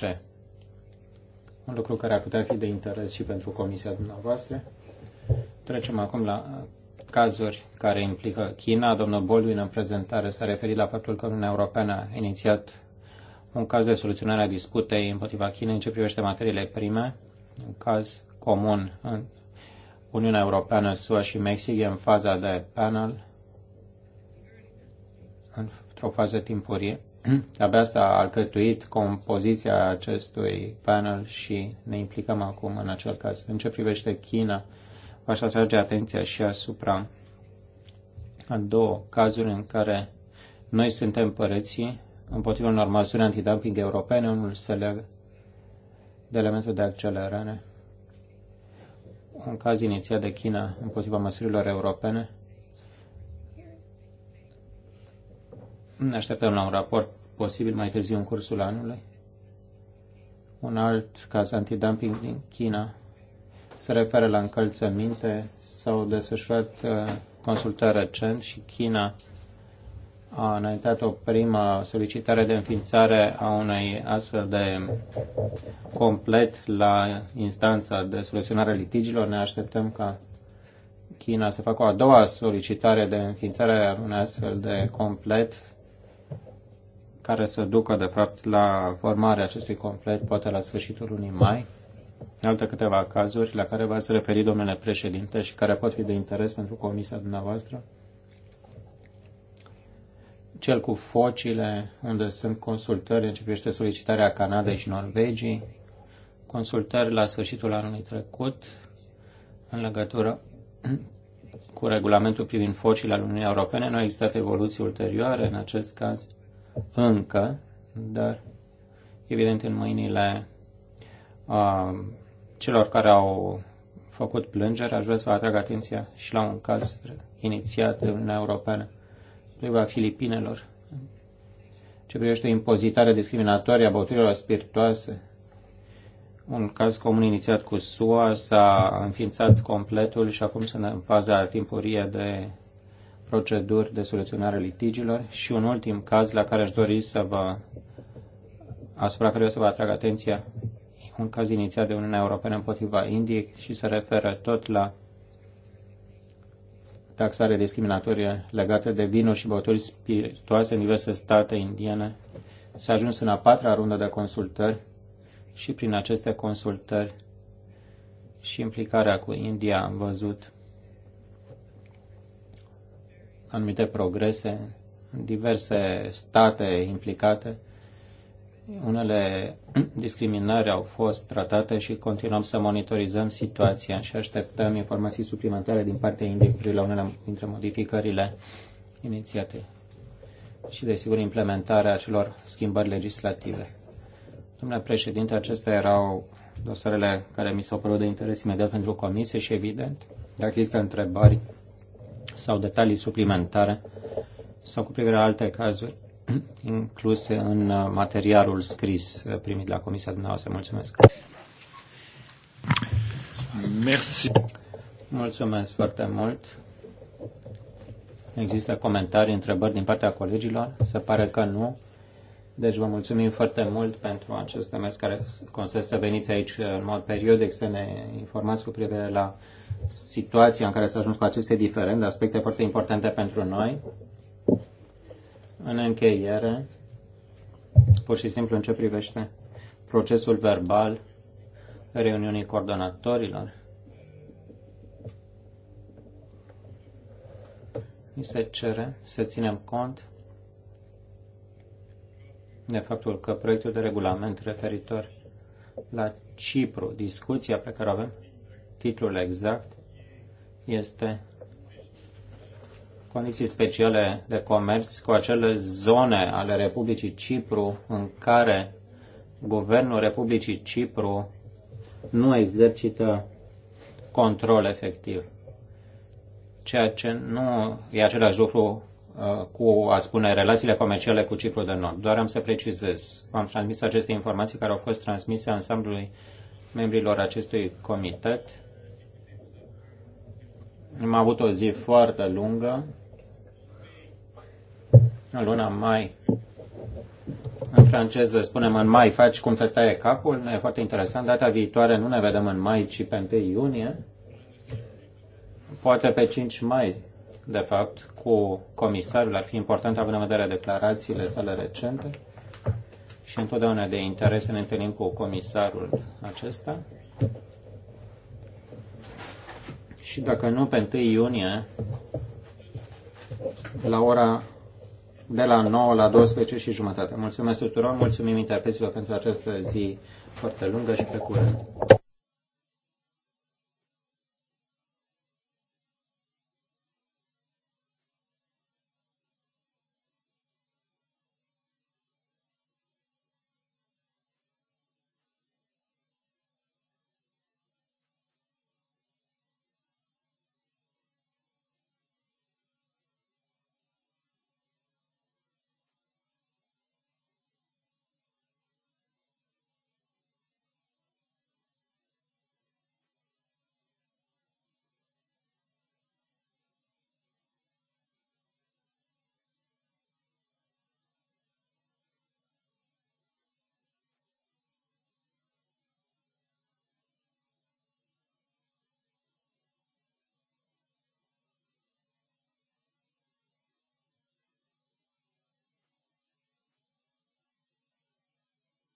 Un lucru care ar putea fi de interes și pentru comisia dumneavoastră. Trecem acum la cazuri care implică China. Domnul Bolvin în prezentare s-a referit la faptul că Uniunea Europeană a inițiat un caz de soluționare a disputei împotriva Chinei în ce privește materiile prime, un caz comun în Uniunea Europeană, SUA și Mexic, e în faza de panel, într-o fază timpurie. [clears throat] Abia s-a alcătuit compoziția acestui panel și ne implicăm acum în acel caz. În ce privește China, v-aș atrage atenția și asupra a două cazuri în care noi suntem păreții împotriva unor măsuri antidumping europene, unul se leagă de elementul de accelerare. Un caz inițiat de China împotriva măsurilor europene. Ne așteptăm la un raport posibil mai târziu în cursul anului. Un alt caz antidumping din China se referă la încălțăminte. S-au desfășurat uh, consultări recent și China a înaintat o primă solicitare de înființare a unei astfel de complet la instanța de soluționare a litigilor. Ne așteptăm ca China să facă o a doua solicitare de înființare a unei astfel de complet care să ducă, de fapt, la formarea acestui complet, poate la sfârșitul lunii mai. Alte câteva cazuri la care v-ați referit, domnule președinte, și care pot fi de interes pentru comisia dumneavoastră cel cu focile, unde sunt consultări în ce privește solicitarea Canadei și Norvegii, consultări la sfârșitul anului trecut în legătură cu regulamentul privind focile al Uniunii Europene. Nu au existat evoluții ulterioare în acest caz încă, dar evident în mâinile a, celor care au făcut plângere, aș vrea să vă atrag atenția și la un caz inițiat de Uniunea Europeană împotriva Filipinelor ce privește impozitarea discriminatorie a băuturilor spiritoase. Un caz comun inițiat cu SUA s-a înființat completul și acum sunt în faza timpurie de proceduri de soluționare litigilor și un ultim caz la care aș dori să vă asupra căruia să vă atrag atenția e un caz inițiat de Uniunea Europeană împotriva Indiei și se referă tot la taxare discriminatorie legate de vinuri și băuturi spiritoase în diverse state indiene. S-a ajuns în a patra rundă de consultări și prin aceste consultări și implicarea cu India am văzut anumite progrese în diverse state implicate unele [clears throat] discriminări au fost tratate și continuăm să monitorizăm situația și așteptăm informații suplimentare din partea Indiei cu la unele dintre modificările inițiate și, desigur, implementarea acelor schimbări legislative. Domnule președinte, acestea erau dosarele care mi s-au părut de interes imediat pentru comisie și, evident, dacă există întrebări sau detalii suplimentare sau cu privire la alte cazuri, incluse în uh, materialul scris uh, primit la Comisia dumneavoastră. Mulțumesc! Merci. Mulțumesc foarte mult! Există comentarii, întrebări din partea colegilor? Se pare că nu. Deci vă mulțumim foarte mult pentru acest demers care constă să veniți aici în mod periodic să ne informați cu privire la situația în care s-a ajuns cu aceste diferende, aspecte foarte importante pentru noi. În încheiere, pur și simplu în ce privește procesul verbal reuniunii coordonatorilor, mi se cere să ținem cont de faptul că proiectul de regulament referitor la Cipru, discuția pe care o avem, titlul exact, este condiții speciale de comerț cu acele zone ale Republicii Cipru în care guvernul Republicii Cipru nu exercită control efectiv. Ceea ce nu e același lucru uh, cu, a spune, relațiile comerciale cu Cipru de Nord. Doar am să precizez. Am transmis aceste informații care au fost transmise ansamblului membrilor acestui comitet. Am avut o zi foarte lungă în luna mai. În franceză spunem în mai faci cum te taie capul, e foarte interesant. Data viitoare nu ne vedem în mai, ci pe 1 iunie. Poate pe 5 mai, de fapt, cu comisarul ar fi important având în vedere declarațiile sale recente și întotdeauna de interes să ne întâlnim cu comisarul acesta. Și dacă nu, pe 1 iunie, la ora de la 9 la 12 și jumătate. Mulțumesc tuturor, mulțumim interpreților pentru această zi foarte lungă și pe curând.